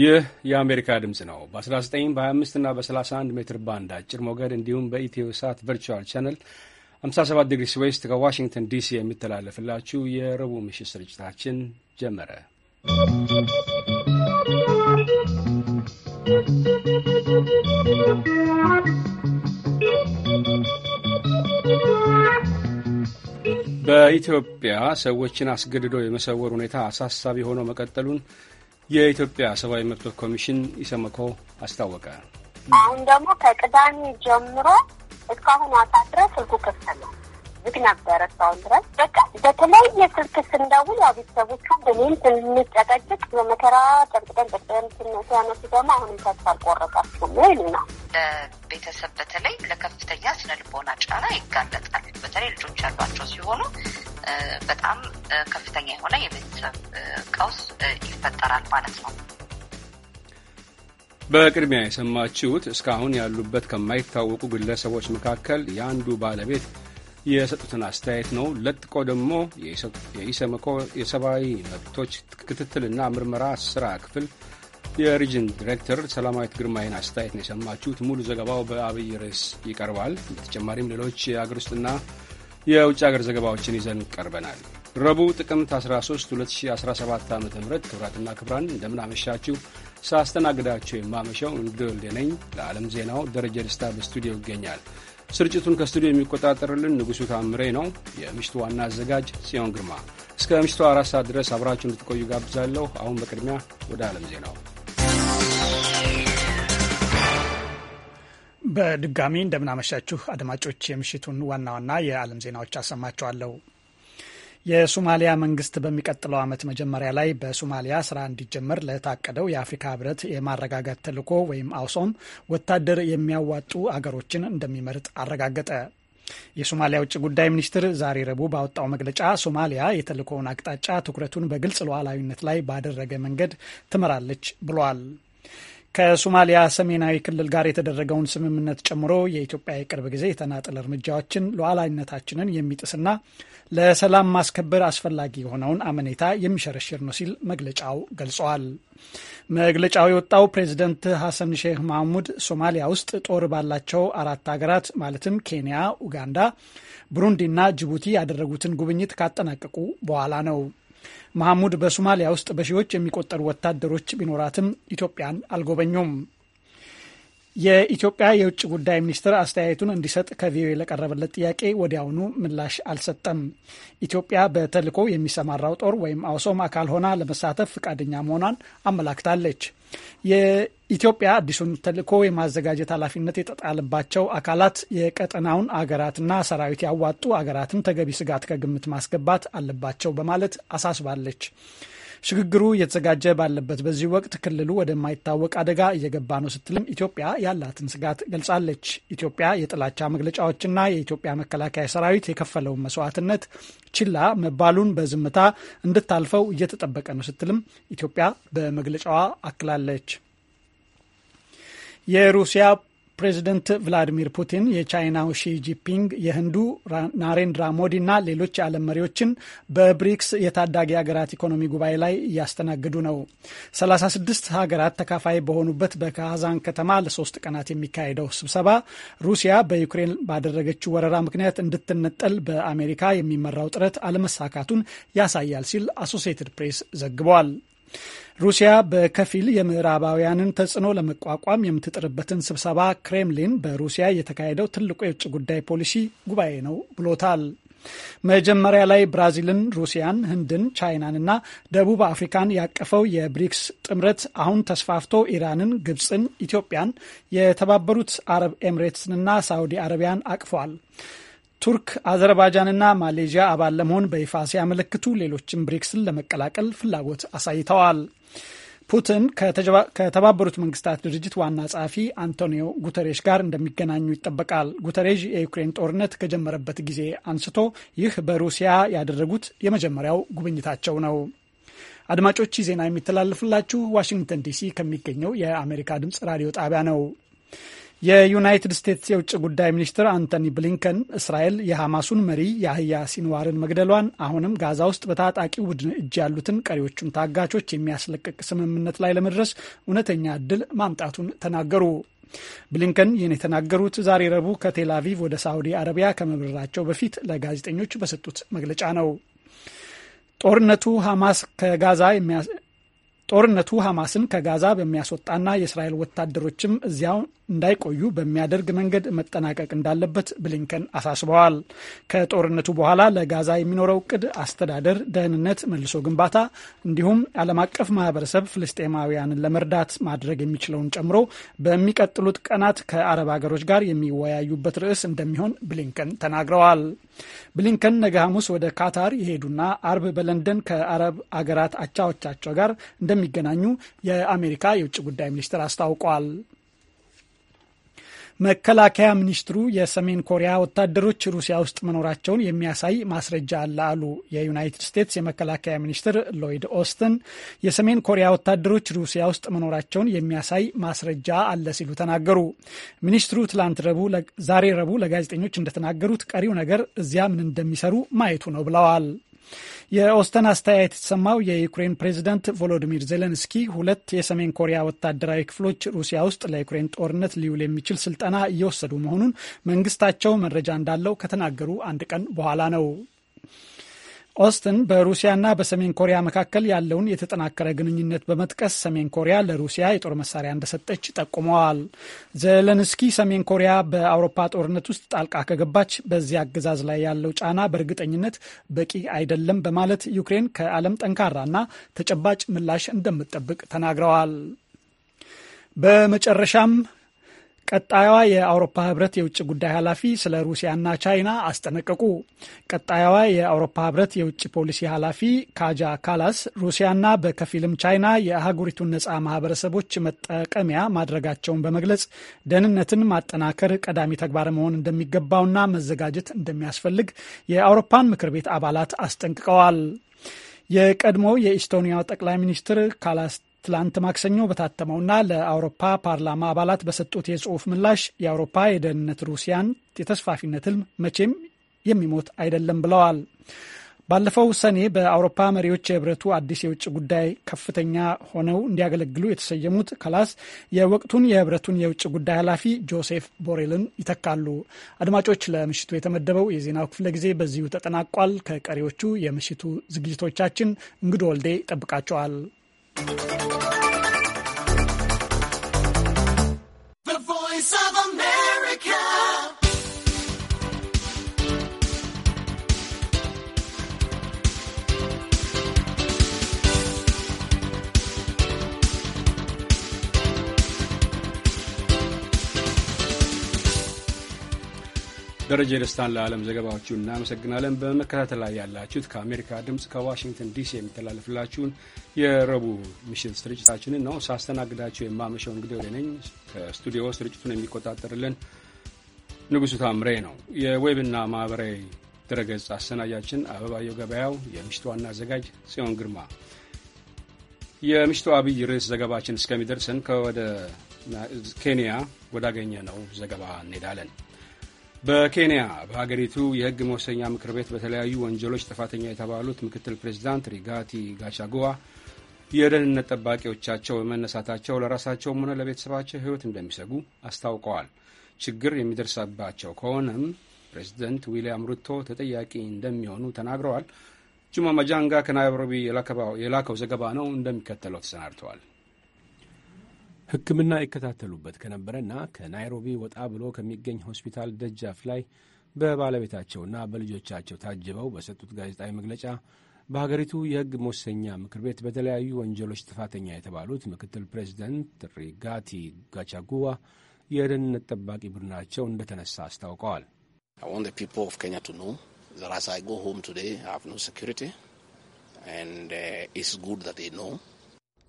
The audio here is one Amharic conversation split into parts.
ይህ የአሜሪካ ድምፅ ነው። በ19 በ25 እና በ31 ሜትር ባንድ አጭር ሞገድ እንዲሁም በኢትዮ ሳት ቨርቹዋል ቻነል 57 ዲግሪ ዌስት ከዋሽንግተን ዲሲ የሚተላለፍላችሁ የረቡዕ ምሽት ስርጭታችን ጀመረ። በኢትዮጵያ ሰዎችን አስገድዶ የመሰወር ሁኔታ አሳሳቢ ሆኖ መቀጠሉን የኢትዮጵያ ሰብአዊ መብቶች ኮሚሽን ኢሰመኮ አስታወቀ። አሁን ደግሞ ከቅዳሜ ጀምሮ እስካሁን አሳድረ ስልኩ ክፍት ነው። ዝግ ነበረ እስካሁን ድረስ። በቃ በተለያየ ስልክ ስንደውል ያው ቤተሰቦቹ እኔም ስንጨቀጭቅ በመከራ ጨቅጭቀን ጨቅጭቀን ያነሱ ደግሞ አሁንም ተስፋ አልቆረጣችሁም ይሉናል። ቤተሰብ በተለይ ለከፍተኛ ስነ ልቦና ጫና ይጋለጣል። በተለይ ልጆች ያሏቸው ሲሆኑ በጣም ከፍተኛ የሆነ የቤተሰብ ቀውስ ይፈጠራል ማለት ነው። በቅድሚያ የሰማችሁት እስካሁን ያሉበት ከማይታወቁ ግለሰቦች መካከል የአንዱ ባለቤት የሰጡትን አስተያየት ነው። ለጥቆ ደግሞ የኢሰመኮ የሰብአዊ መብቶች ክትትልና ምርመራ ስራ ክፍል የሪጅን ዲሬክተር ሰላማዊት ግርማይን አስተያየት ነው የሰማችሁት። ሙሉ ዘገባው በአብይ ርዕስ ይቀርባል። በተጨማሪም ሌሎች የአገር ውስጥና የውጭ ሀገር ዘገባዎችን ይዘን ቀርበናል። ረቡዕ ጥቅምት 13 2017 ዓ ም ክብራትና ክብራን እንደምናመሻችሁ ሳስተናግዳቸው የማመሸው እንግዲህ ወልዴ ነኝ። ለዓለም ዜናው ደረጀ ደስታ በስቱዲዮ ይገኛል። ስርጭቱን ከስቱዲዮ የሚቆጣጠርልን ንጉሡ ታምሬ ነው። የምሽቱ ዋና አዘጋጅ ጽዮን ግርማ። እስከ ምሽቱ አራት ሰዓት ድረስ አብራችሁ እንድትቆዩ ጋብዛለሁ። አሁን በቅድሚያ ወደ ዓለም ዜናው በድጋሚ እንደምናመሻችሁ አድማጮች፣ የምሽቱን ዋና ዋና የዓለም ዜናዎች አሰማችኋለሁ። የሶማሊያ መንግስት በሚቀጥለው ዓመት መጀመሪያ ላይ በሶማሊያ ስራ እንዲጀመር ለታቀደው የአፍሪካ ህብረት የማረጋጋት ተልዕኮ ወይም አውሶም ወታደር የሚያዋጡ አገሮችን እንደሚመርጥ አረጋገጠ። የሶማሊያ ውጭ ጉዳይ ሚኒስትር ዛሬ ረቡዕ ባወጣው መግለጫ ሶማሊያ የተልዕኮውን አቅጣጫ ትኩረቱን በግልጽ ሉዓላዊነት ላይ ባደረገ መንገድ ትመራለች ብሏል። ከሶማሊያ ሰሜናዊ ክልል ጋር የተደረገውን ስምምነት ጨምሮ የኢትዮጵያ የቅርብ ጊዜ የተናጠል እርምጃዎችን ሉዓላዊነታችንን የሚጥስና ለሰላም ማስከበር አስፈላጊ የሆነውን አመኔታ የሚሸረሽር ነው ሲል መግለጫው ገልጸዋል። መግለጫው የወጣው ፕሬዚደንት ሐሰን ሼህ መሐሙድ ሶማሊያ ውስጥ ጦር ባላቸው አራት ሀገራት ማለትም ኬንያ፣ ኡጋንዳ፣ ብሩንዲና ጅቡቲ ያደረጉትን ጉብኝት ካጠናቀቁ በኋላ ነው። መሐሙድ በሶማሊያ ውስጥ በሺዎች የሚቆጠሩ ወታደሮች ቢኖራትም ኢትዮጵያን አልጎበኙም። የኢትዮጵያ የውጭ ጉዳይ ሚኒስትር አስተያየቱን እንዲሰጥ ከቪኦኤ ለቀረበለት ጥያቄ ወዲያውኑ ምላሽ አልሰጠም። ኢትዮጵያ በተልኮ የሚሰማራው ጦር ወይም አውሶም አካል ሆና ለመሳተፍ ፈቃደኛ መሆኗን አመላክታለች። የኢትዮጵያ አዲሱን ተልእኮ የማዘጋጀት ኃላፊነት የተጣለባቸው አካላት የቀጠናውን አገራትና ሰራዊት ያዋጡ አገራትን ተገቢ ስጋት ከግምት ማስገባት አለባቸው በማለት አሳስባለች። ሽግግሩ እየተዘጋጀ ባለበት በዚህ ወቅት ክልሉ ወደማይታወቅ አደጋ እየገባ ነው ስትልም ኢትዮጵያ ያላትን ስጋት ገልጻለች። ኢትዮጵያ የጥላቻ መግለጫዎችና የኢትዮጵያ መከላከያ ሰራዊት የከፈለውን መስዋዕትነት ችላ መባሉን በዝምታ እንድታልፈው እየተጠበቀ ነው ስትልም ኢትዮጵያ በመግለጫዋ አክላለች። የሩሲያ ፕሬዚደንት ቭላዲሚር ፑቲን የቻይናው ሺጂፒንግ የህንዱ ናሬንድራ ሞዲ እና ሌሎች የዓለም መሪዎችን በብሪክስ የታዳጊ ሀገራት ኢኮኖሚ ጉባኤ ላይ እያስተናገዱ ነው። 36 ሀገራት ተካፋይ በሆኑበት በካዛን ከተማ ለሶስት ቀናት የሚካሄደው ስብሰባ ሩሲያ በዩክሬን ባደረገችው ወረራ ምክንያት እንድትነጠል በአሜሪካ የሚመራው ጥረት አለመሳካቱን ያሳያል ሲል አሶሲየትድ ፕሬስ ዘግቧል። ሩሲያ በከፊል የምዕራባውያንን ተጽዕኖ ለመቋቋም የምትጥርበትን ስብሰባ ክሬምሊን በሩሲያ የተካሄደው ትልቁ የውጭ ጉዳይ ፖሊሲ ጉባኤ ነው ብሎታል። መጀመሪያ ላይ ብራዚልን፣ ሩሲያን፣ ህንድን፣ ቻይናንና ደቡብ አፍሪካን ያቀፈው የብሪክስ ጥምረት አሁን ተስፋፍቶ ኢራንን፣ ግብፅን፣ ኢትዮጵያን፣ የተባበሩት አረብ ኤምሬትስንና ሳውዲ አረቢያን አቅፏል። ቱርክ፣ አዘርባይጃንና ማሌዥያ አባል ለመሆን በይፋ ሲያመለክቱ ሌሎችም ብሪክስን ለመቀላቀል ፍላጎት አሳይተዋል። ፑቲን ከተባበሩት መንግስታት ድርጅት ዋና ጸሐፊ አንቶኒዮ ጉተሬሽ ጋር እንደሚገናኙ ይጠበቃል። ጉተሬሽ የዩክሬን ጦርነት ከጀመረበት ጊዜ አንስቶ ይህ በሩሲያ ያደረጉት የመጀመሪያው ጉብኝታቸው ነው። አድማጮች ዜና የሚተላለፍላችሁ ዋሽንግተን ዲሲ ከሚገኘው የአሜሪካ ድምጽ ራዲዮ ጣቢያ ነው። የዩናይትድ ስቴትስ የውጭ ጉዳይ ሚኒስትር አንቶኒ ብሊንከን እስራኤል የሐማሱን መሪ የአህያ ሲንዋርን መግደሏን አሁንም ጋዛ ውስጥ በታጣቂ ቡድን እጅ ያሉትን ቀሪዎቹን ታጋቾች የሚያስለቅቅ ስምምነት ላይ ለመድረስ እውነተኛ እድል ማምጣቱን ተናገሩ። ብሊንከን ይህን የተናገሩት ዛሬ ረቡዕ ከቴል ወደ ሳውዲ አረቢያ ከመብረራቸው በፊት ለጋዜጠኞች በሰጡት መግለጫ ነው። ጦርነቱ ሐማስ ከጋዛ ጦርነቱ ሐማስን ከጋዛ በሚያስወጣና የእስራኤል ወታደሮችም እዚያው እንዳይቆዩ በሚያደርግ መንገድ መጠናቀቅ እንዳለበት ብሊንከን አሳስበዋል። ከጦርነቱ በኋላ ለጋዛ የሚኖረው እቅድ አስተዳደር፣ ደህንነት፣ መልሶ ግንባታ እንዲሁም ዓለም አቀፍ ማህበረሰብ ፍልስጤማውያንን ለመርዳት ማድረግ የሚችለውን ጨምሮ በሚቀጥሉት ቀናት ከአረብ ሀገሮች ጋር የሚወያዩበት ርዕስ እንደሚሆን ብሊንከን ተናግረዋል። ብሊንከን ነገ ሐሙስ ወደ ካታር የሄዱና አርብ በለንደን ከአረብ አገራት አቻዎቻቸው ጋር እንደሚገናኙ የአሜሪካ የውጭ ጉዳይ ሚኒስትር አስታውቋል። መከላከያ ሚኒስትሩ የሰሜን ኮሪያ ወታደሮች ሩሲያ ውስጥ መኖራቸውን የሚያሳይ ማስረጃ አለ አሉ። የዩናይትድ ስቴትስ የመከላከያ ሚኒስትር ሎይድ ኦስትን የሰሜን ኮሪያ ወታደሮች ሩሲያ ውስጥ መኖራቸውን የሚያሳይ ማስረጃ አለ ሲሉ ተናገሩ። ሚኒስትሩ ትላንት ረቡዕ ዛሬ ረቡዕ ለጋዜጠኞች እንደተናገሩት ቀሪው ነገር እዚያ ምን እንደሚሰሩ ማየቱ ነው ብለዋል። የኦስተን አስተያየት የተሰማው የዩክሬን ፕሬዚደንት ቮሎዲሚር ዜሌንስኪ ሁለት የሰሜን ኮሪያ ወታደራዊ ክፍሎች ሩሲያ ውስጥ ለዩክሬን ጦርነት ሊውል የሚችል ስልጠና እየወሰዱ መሆኑን መንግስታቸው መረጃ እንዳለው ከተናገሩ አንድ ቀን በኋላ ነው። ኦስትን በሩሲያና በሰሜን ኮሪያ መካከል ያለውን የተጠናከረ ግንኙነት በመጥቀስ ሰሜን ኮሪያ ለሩሲያ የጦር መሳሪያ እንደሰጠች ጠቁመዋል። ዘለንስኪ ሰሜን ኮሪያ በአውሮፓ ጦርነት ውስጥ ጣልቃ ከገባች በዚህ አገዛዝ ላይ ያለው ጫና በእርግጠኝነት በቂ አይደለም በማለት ዩክሬን ከዓለም ጠንካራና ተጨባጭ ምላሽ እንደምትጠብቅ ተናግረዋል። በመጨረሻም ቀጣዩዋ የአውሮፓ ህብረት የውጭ ጉዳይ ኃላፊ ስለ ሩሲያና ቻይና አስጠነቀቁ። ቀጣዩዋ የአውሮፓ ህብረት የውጭ ፖሊሲ ኃላፊ ካጃ ካላስ ሩሲያና በከፊልም ቻይና የአህጉሪቱን ነፃ ማህበረሰቦች መጠቀሚያ ማድረጋቸውን በመግለጽ ደህንነትን ማጠናከር ቀዳሚ ተግባር መሆን እንደሚገባውና መዘጋጀት እንደሚያስፈልግ የአውሮፓን ምክር ቤት አባላት አስጠንቅቀዋል። የቀድሞው የኢስቶኒያ ጠቅላይ ሚኒስትር ካላስ ትላንት ማክሰኞ በታተመውና ለአውሮፓ ፓርላማ አባላት በሰጡት የጽሑፍ ምላሽ የአውሮፓ የደህንነት ሩሲያን የተስፋፊነት ህልም መቼም የሚሞት አይደለም ብለዋል። ባለፈው ሰኔ በአውሮፓ መሪዎች የህብረቱ አዲስ የውጭ ጉዳይ ከፍተኛ ሆነው እንዲያገለግሉ የተሰየሙት ከላስ የወቅቱን የህብረቱን የውጭ ጉዳይ ኃላፊ ጆሴፍ ቦሬልን ይተካሉ። አድማጮች፣ ለምሽቱ የተመደበው የዜናው ክፍለ ጊዜ በዚሁ ተጠናቋል። ከቀሪዎቹ የምሽቱ ዝግጅቶቻችን እንግዶ ወልዴ ይጠብቃቸዋል። ደረጀ ደስታን ለዓለም ዘገባዎቹ እናመሰግናለን። በመከታተል ላይ ያላችሁት ከአሜሪካ ድምፅ ከዋሽንግተን ዲሲ የሚተላለፍላችሁን የረቡዕ ምሽት ስርጭታችንን ነው። ሳስተናግዳችሁ የማመሸው እንግዲህ ወደ ነኝ ከስቱዲዮ ስርጭቱን የሚቆጣጠርልን ንጉሱ ታምሬ ነው። የዌብና ማህበራዊ ድረገጽ አሰናጃችን አበባየው ገበያው፣ የምሽቱ ዋና አዘጋጅ ጽዮን ግርማ። የምሽቱ አብይ ርዕስ ዘገባችን እስከሚደርስን ከወደ ኬንያ ወዳገኘ ነው ዘገባ እንሄዳለን። በኬንያ በሀገሪቱ የህግ መወሰኛ ምክር ቤት በተለያዩ ወንጀሎች ጥፋተኛ የተባሉት ምክትል ፕሬዚዳንት ሪጋቲ ጋሻጉዋ የደህንነት ጠባቂዎቻቸው በመነሳታቸው ለራሳቸውም ሆነ ለቤተሰባቸው ህይወት እንደሚሰጉ አስታውቀዋል። ችግር የሚደርሳባቸው ከሆነም ፕሬዚደንት ዊልያም ሩቶ ተጠያቂ እንደሚሆኑ ተናግረዋል። ጁማ መጃንጋ ከናይሮቢ የላከው ዘገባ ነው፣ እንደሚከተለው ተሰናድተዋል። ሕክምና ይከታተሉበት ከነበረና ከናይሮቢ ወጣ ብሎ ከሚገኝ ሆስፒታል ደጃፍ ላይ በባለቤታቸውና በልጆቻቸው ታጅበው በሰጡት ጋዜጣዊ መግለጫ በሀገሪቱ የሕግ መወሰኛ ምክር ቤት በተለያዩ ወንጀሎች ጥፋተኛ የተባሉት ምክትል ፕሬዚደንት ሪጋቲ ጋቻጉዋ የደህንነት ጠባቂ ቡድናቸው እንደተነሳ አስታውቀዋል። ኖ።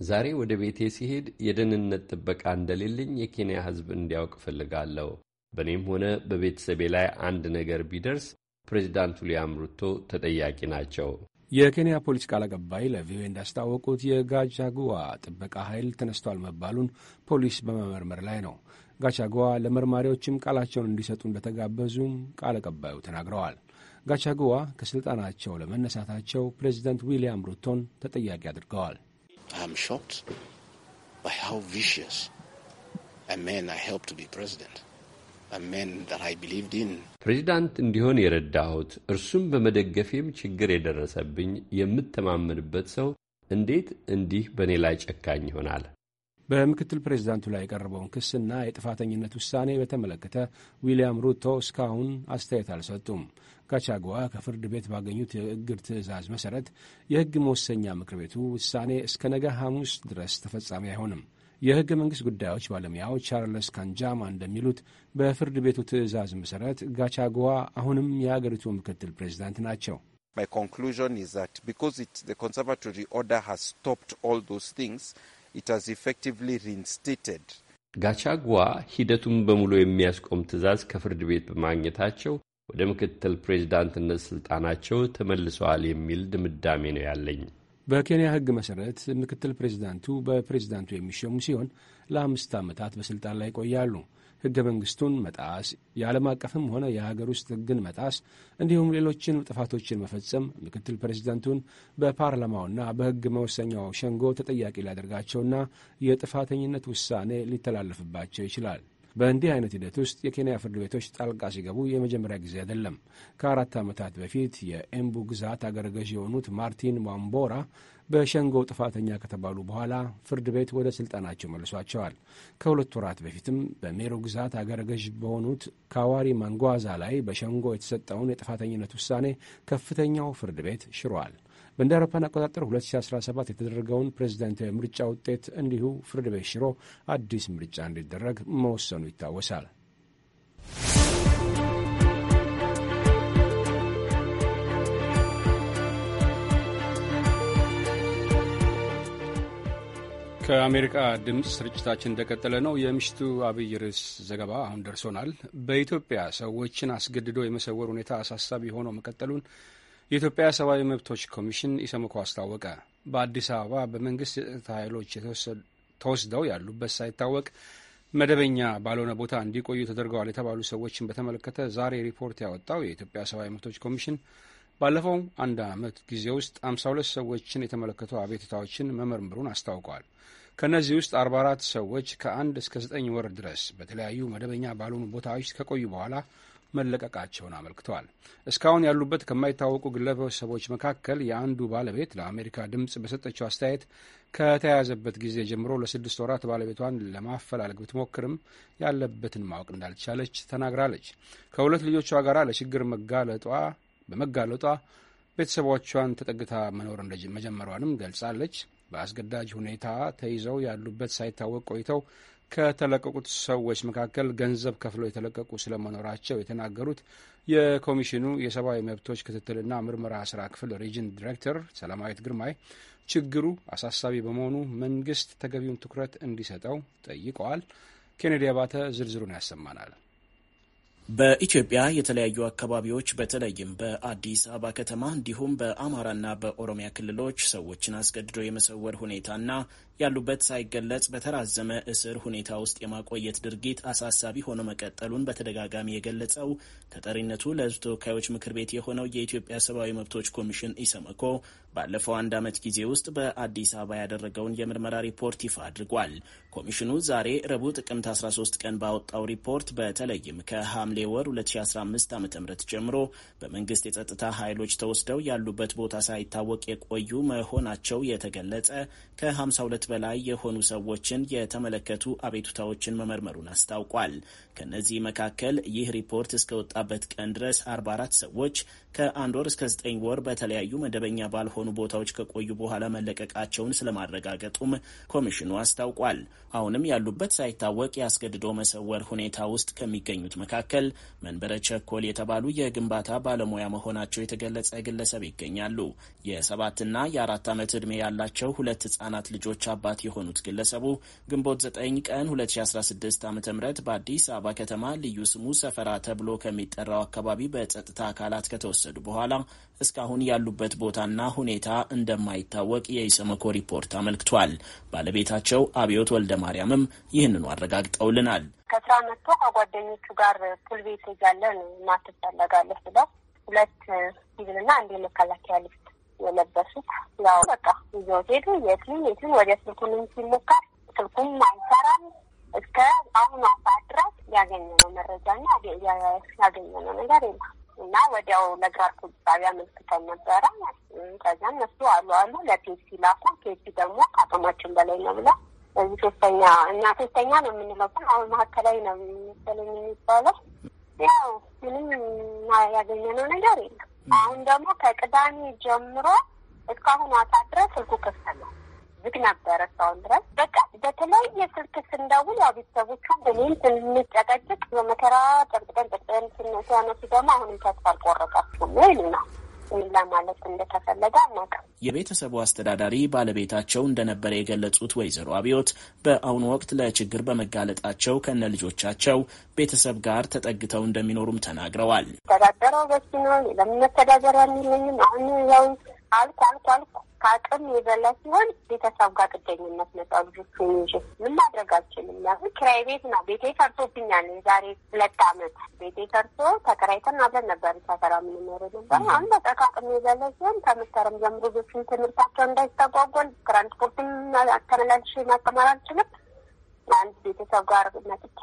ዛሬ ወደ ቤቴ ሲሄድ የደህንነት ጥበቃ እንደሌለኝ የኬንያ ሕዝብ እንዲያውቅ እፈልጋለሁ። በእኔም ሆነ በቤተሰቤ ላይ አንድ ነገር ቢደርስ ፕሬዚዳንቱ ዊልያም ሩቶ ተጠያቂ ናቸው። የኬንያ ፖሊስ ቃል አቀባይ ለቪኦኤ እንዳስታወቁት የጋቻጉዋ ጥበቃ ኃይል ተነስቷል መባሉን ፖሊስ በመመርመር ላይ ነው። ጋቻጉዋ ለመርማሪዎችም ቃላቸውን እንዲሰጡ እንደተጋበዙም ቃል አቀባዩ ተናግረዋል። ጋቻጉዋ ከሥልጣናቸው ለመነሳታቸው ፕሬዚዳንት ዊልያም ሩቶን ተጠያቂ አድርገዋል። I am shocked by how vicious a man I helped to be president. ፕሬዚዳንት እንዲሆን የረዳሁት እርሱም በመደገፌም ችግር የደረሰብኝ የምተማመንበት ሰው እንዴት እንዲህ በእኔ ላይ ጨካኝ ይሆናል? በምክትል ፕሬዚዳንቱ ላይ የቀረበውን ክስና የጥፋተኝነት ውሳኔ በተመለከተ ዊልያም ሩቶ እስካሁን አስተያየት አልሰጡም። ጋቻጓ ከፍርድ ቤት ባገኙት የእግድ ትዕዛዝ መሠረት የሕግ መወሰኛ ምክር ቤቱ ውሳኔ እስከ ነገ ሐሙስ ድረስ ተፈጻሚ አይሆንም። የሕገ መንግሥት ጉዳዮች ባለሙያው ቻርለስ ካንጃማ እንደሚሉት በፍርድ ቤቱ ትዕዛዝ መሠረት ጋቻጓ አሁንም የአገሪቱ ምክትል ፕሬዚዳንት ናቸው። My conclusion is that because it, the conservatory order has stopped all those things, it has effectively reinstated ጋቻጓ ሂደቱን በሙሉ የሚያስቆም ትዕዛዝ ከፍርድ ቤት በማግኘታቸው ወደ ምክትል ፕሬዚዳንትነት ስልጣናቸው ተመልሰዋል የሚል ድምዳሜ ነው ያለኝ። በኬንያ ሕግ መሰረት ምክትል ፕሬዚዳንቱ በፕሬዚዳንቱ የሚሸሙ ሲሆን ለአምስት ዓመታት በስልጣን ላይ ይቆያሉ። ሕገ መንግሥቱን መጣስ፣ የዓለም አቀፍም ሆነ የሀገር ውስጥ ሕግን መጣስ እንዲሁም ሌሎችን ጥፋቶችን መፈጸም ምክትል ፕሬዚዳንቱን በፓርላማውና በሕግ መወሰኛው ሸንጎ ተጠያቂ ሊያደርጋቸውና የጥፋተኝነት ውሳኔ ሊተላለፍባቸው ይችላል። በእንዲህ አይነት ሂደት ውስጥ የኬንያ ፍርድ ቤቶች ጣልቃ ሲገቡ የመጀመሪያ ጊዜ አይደለም። ከአራት ዓመታት በፊት የኤምቡ ግዛት አገረ ገዥ የሆኑት ማርቲን ዋምቦራ በሸንጎ ጥፋተኛ ከተባሉ በኋላ ፍርድ ቤት ወደ ስልጣናቸው መልሷቸዋል። ከሁለት ወራት በፊትም በሜሮ ግዛት አገረ ገዥ በሆኑት ካዋሪ ማንጓዛ ላይ በሸንጎ የተሰጠውን የጥፋተኝነት ውሳኔ ከፍተኛው ፍርድ ቤት ሽሯል። በእንደ አውሮፓን አቆጣጠር 2017 የተደረገውን ፕሬዝዳንታዊ ምርጫ ውጤት እንዲሁ ፍርድ ቤት ሽሮ አዲስ ምርጫ እንዲደረግ መወሰኑ ይታወሳል። ከአሜሪካ ድምፅ ስርጭታችን እንደቀጠለ ነው። የምሽቱ አብይ ርዕስ ዘገባ አሁን ደርሶናል። በኢትዮጵያ ሰዎችን አስገድዶ የመሰወር ሁኔታ አሳሳቢ ሆኖ መቀጠሉን የኢትዮጵያ ሰብአዊ መብቶች ኮሚሽን ኢሰመኮ አስታወቀ። በአዲስ አበባ በመንግስት የጸጥታ ኃይሎች ተወስደው ያሉበት ሳይታወቅ መደበኛ ባልሆነ ቦታ እንዲቆዩ ተደርገዋል የተባሉ ሰዎችን በተመለከተ ዛሬ ሪፖርት ያወጣው የኢትዮጵያ ሰብአዊ መብቶች ኮሚሽን ባለፈው አንድ ዓመት ጊዜ ውስጥ 52 ሰዎችን የተመለከቱ አቤቱታዎችን መመርምሩን አስታውቋል። ከእነዚህ ውስጥ 44 ሰዎች ከአንድ እስከ ዘጠኝ ወር ድረስ በተለያዩ መደበኛ ባልሆኑ ቦታዎች ከቆዩ በኋላ መለቀቃቸውን አመልክተዋል። እስካሁን ያሉበት ከማይታወቁ ግለሰቦች መካከል የአንዱ ባለቤት ለአሜሪካ ድምፅ በሰጠችው አስተያየት ከተያያዘበት ጊዜ ጀምሮ ለስድስት ወራት ባለቤቷን ለማፈላለግ ብትሞክርም ያለበትን ማወቅ እንዳልቻለች ተናግራለች። ከሁለት ልጆቿ ጋር ለችግር መጋለጧ በመጋለጧ ቤተሰቦቿን ተጠግታ መኖር መጀመሯንም ገልጻለች። በአስገዳጅ ሁኔታ ተይዘው ያሉበት ሳይታወቅ ቆይተው ከተለቀቁት ሰዎች መካከል ገንዘብ ከፍለው የተለቀቁ ስለመኖራቸው የተናገሩት የኮሚሽኑ የሰብአዊ መብቶች ክትትልና ምርመራ ስራ ክፍል ሪጅን ዲሬክተር ሰላማዊት ግርማይ ችግሩ አሳሳቢ በመሆኑ መንግስት ተገቢውን ትኩረት እንዲሰጠው ጠይቀዋል። ኬኔዲ አባተ ዝርዝሩን ያሰማናል። በኢትዮጵያ የተለያዩ አካባቢዎች በተለይም በአዲስ አበባ ከተማ እንዲሁም በአማራና በኦሮሚያ ክልሎች ሰዎችን አስገድዶ የመሰወር ሁኔታና ያሉበት ሳይገለጽ በተራዘመ እስር ሁኔታ ውስጥ የማቆየት ድርጊት አሳሳቢ ሆኖ መቀጠሉን በተደጋጋሚ የገለጸው ተጠሪነቱ ለሕዝብ ተወካዮች ምክር ቤት የሆነው የኢትዮጵያ ሰብአዊ መብቶች ኮሚሽን ኢሰመኮ ባለፈው አንድ ዓመት ጊዜ ውስጥ በአዲስ አበባ ያደረገውን የምርመራ ሪፖርት ይፋ አድርጓል። ኮሚሽኑ ዛሬ ረቡዕ ጥቅምት 13 ቀን ባወጣው ሪፖርት በተለይም ከሐምሌ ወር 2015 ዓ ም ጀምሮ በመንግስት የጸጥታ ኃይሎች ተወስደው ያሉበት ቦታ ሳይታወቅ የቆዩ መሆናቸው የተገለጸ ከ52 በላይ የሆኑ ሰዎችን የተመለከቱ አቤቱታዎችን መመርመሩን አስታውቋል። ከነዚህ መካከል ይህ ሪፖርት እስከወጣበት ቀን ድረስ 44 ሰዎች ከአንድ ወር እስከ 9 ወር በተለያዩ መደበኛ ባልሆኑ ቦታዎች ከቆዩ በኋላ መለቀቃቸውን ስለማረጋገጡም ኮሚሽኑ አስታውቋል። አሁንም ያሉበት ሳይታወቅ የአስገድዶ መሰወር ሁኔታ ውስጥ ከሚገኙት መካከል መንበረ ቸኮል የተባሉ የግንባታ ባለሙያ መሆናቸው የተገለጸ ግለሰብ ይገኛሉ። የሰባትና የአራት ዓመት ዕድሜ ያላቸው ሁለት ህጻናት ልጆች አባት የሆኑት ግለሰቡ ግንቦት 9 ቀን 2016 ዓ ም በአዲስ አበባ ከተማ ልዩ ስሙ ሰፈራ ተብሎ ከሚጠራው አካባቢ በጸጥታ አካላት ከተወሰዱ በኋላ እስካሁን ያሉበት ቦታና ሁኔታ እንደማይታወቅ የኢሰመኮ ሪፖርት አመልክቷል። ባለቤታቸው አብዮት ወልደ ማርያምም ይህንኑ አረጋግጠውልናል። ከስራ መጥቶ ከጓደኞቹ ጋር ፑል ቤት እያለን ብለው ሁለት ሲቪልና አንድ የመከላከያ ልብስ የለበሱት። ያው በቃ ይዘው ሄዱ። የት የት ወደ ስልኩን ሲሞከር ስልኩም አይሰራም። እስከ አሁን ሰዓት ድረስ ያገኘነው መረጃና ያገኘነው ነገር የለም እና ወዲያው ነግራር ፖሊስ ጣቢያ ምልክተን ነበረ። ከዚያም እሱ አሉ አሉ ለፔፕሲ ላኩ። ፔፕሲ ደግሞ ከአቅማችን በላይ ነው ብለ እዚህ ሶስተኛ እና ሶስተኛ ነው የምንለው ግን አሁን መካከላዊ ነው መሰለኝ የሚባለው ያው ምንም ያገኘነው ነገር የለም። አሁን ደግሞ ከቅዳሜ ጀምሮ እስካሁን ዋታ ድረስ ስልኩ ክፍት ነው። ዝግ ነበረ እስካሁን ድረስ። በቃ በተለያየ ስልክ ስንደውል ያው ቤተሰቦቹ እኔም ስንጨቀጭቅ በመከራ ጨብጠን ጠቅጠን ሲያነሱ ደግሞ አሁንም ተስፋ አልቆረጣችሁም ይሉናል። ላ ማለት እንደተፈለገ አናውቅም። የቤተሰቡ አስተዳዳሪ ባለቤታቸው እንደነበረ የገለጹት ወይዘሮ አብዮት በአሁኑ ወቅት ለችግር በመጋለጣቸው ከነ ልጆቻቸው ቤተሰብ ጋር ተጠግተው እንደሚኖሩም ተናግረዋል። ተዳደረው በሱ ነው። ለምን መተዳደሪያ የለኝም አሁን ያው አልኩ አልኩ አልኩ ከአቅም የበላ ሲሆን ቤተሰብ ጋር ጥገኝነት ነጻ ልጆቹ እንጂ ምን ማድረግ አልችልም። ያሁን ኪራይ ቤት ነው ቤቴ ሰርቶብኛል። የዛሬ ሁለት አመት ቤቴ ሰርቶ ተከራይተን አብረን ነበር ሰፈራ የምንኖረ ነበር። አሁን በቃ ከአቅም የበላ ሲሆን ከመስከረም ጀምሮ ልጆቹን ትምህርታቸው እንዳይስተጓጎል ትራንስፖርትም ተመላልሽ ማስተማር አልችልም። አንድ ቤተሰብ ጋር መጥቼ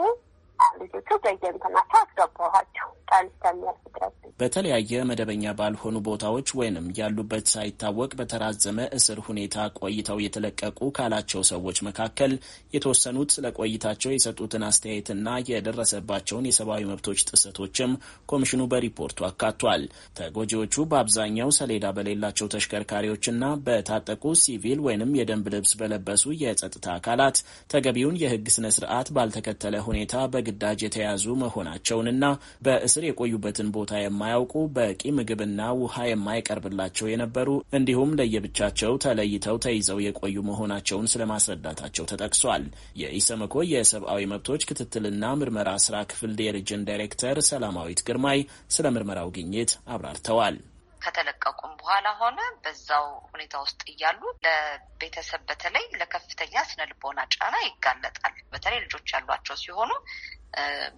ልጆቹ በየእንትናቸው አስገባኋቸው ቀን እስከሚያልፍ ድረስ። በተለያየ መደበኛ ባልሆኑ ቦታዎች ወይንም ያሉበት ሳይታወቅ በተራዘመ እስር ሁኔታ ቆይተው የተለቀቁ ካላቸው ሰዎች መካከል የተወሰኑት ለቆይታቸው የሰጡትን አስተያየትና የደረሰባቸውን የሰብአዊ መብቶች ጥሰቶችም ኮሚሽኑ በሪፖርቱ አካቷል። ተጎጂዎቹ በአብዛኛው ሰሌዳ በሌላቸው ተሽከርካሪዎችና በታጠቁ ሲቪል ወይንም የደንብ ልብስ በለበሱ የጸጥታ አካላት ተገቢውን የሕግ ስነ ስርዓት ባልተከተለ ሁኔታ በግ በግዳጅ የተያዙ መሆናቸውንና በእስር የቆዩበትን ቦታ የማያውቁ በቂ ምግብና ውሃ የማይቀርብላቸው የነበሩ እንዲሁም ለየብቻቸው ተለይተው ተይዘው የቆዩ መሆናቸውን ስለማስረዳታቸው ተጠቅሷል። የኢሰመኮ የሰብአዊ መብቶች ክትትልና ምርመራ ስራ ክፍል ዲሬጅን ዳይሬክተር ሰላማዊት ግርማይ ስለ ምርመራው ግኝት አብራርተዋል። ከተለቀቁም በኋላ ሆነ በዛው ሁኔታ ውስጥ እያሉ ለቤተሰብ በተለይ ለከፍተኛ ስነ ልቦና ጫና ይጋለጣል። በተለይ ልጆች ያሏቸው ሲሆኑ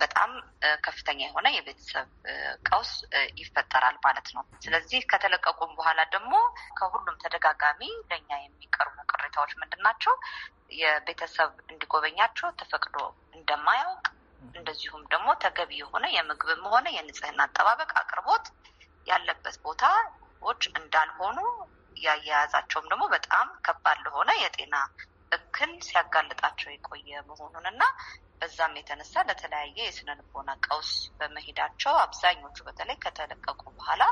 በጣም ከፍተኛ የሆነ የቤተሰብ ቀውስ ይፈጠራል ማለት ነው። ስለዚህ ከተለቀቁም በኋላ ደግሞ ከሁሉም ተደጋጋሚ ለእኛ የሚቀርቡ ቅሬታዎች ምንድን ናቸው? የቤተሰብ እንዲጎበኛቸው ተፈቅዶ እንደማያውቅ እንደዚሁም ደግሞ ተገቢ የሆነ የምግብም ሆነ የንጽህና አጠባበቅ አቅርቦት ያለበት ቦታዎች እንዳልሆኑ ያያያዛቸውም ደግሞ በጣም ከባድ ለሆነ የጤና እክል ሲያጋልጣቸው የቆየ መሆኑን እና በዛም የተነሳ ለተለያየ የስነ ልቦና ቀውስ በመሄዳቸው አብዛኞቹ በተለይ ከተለቀቁ በኋላ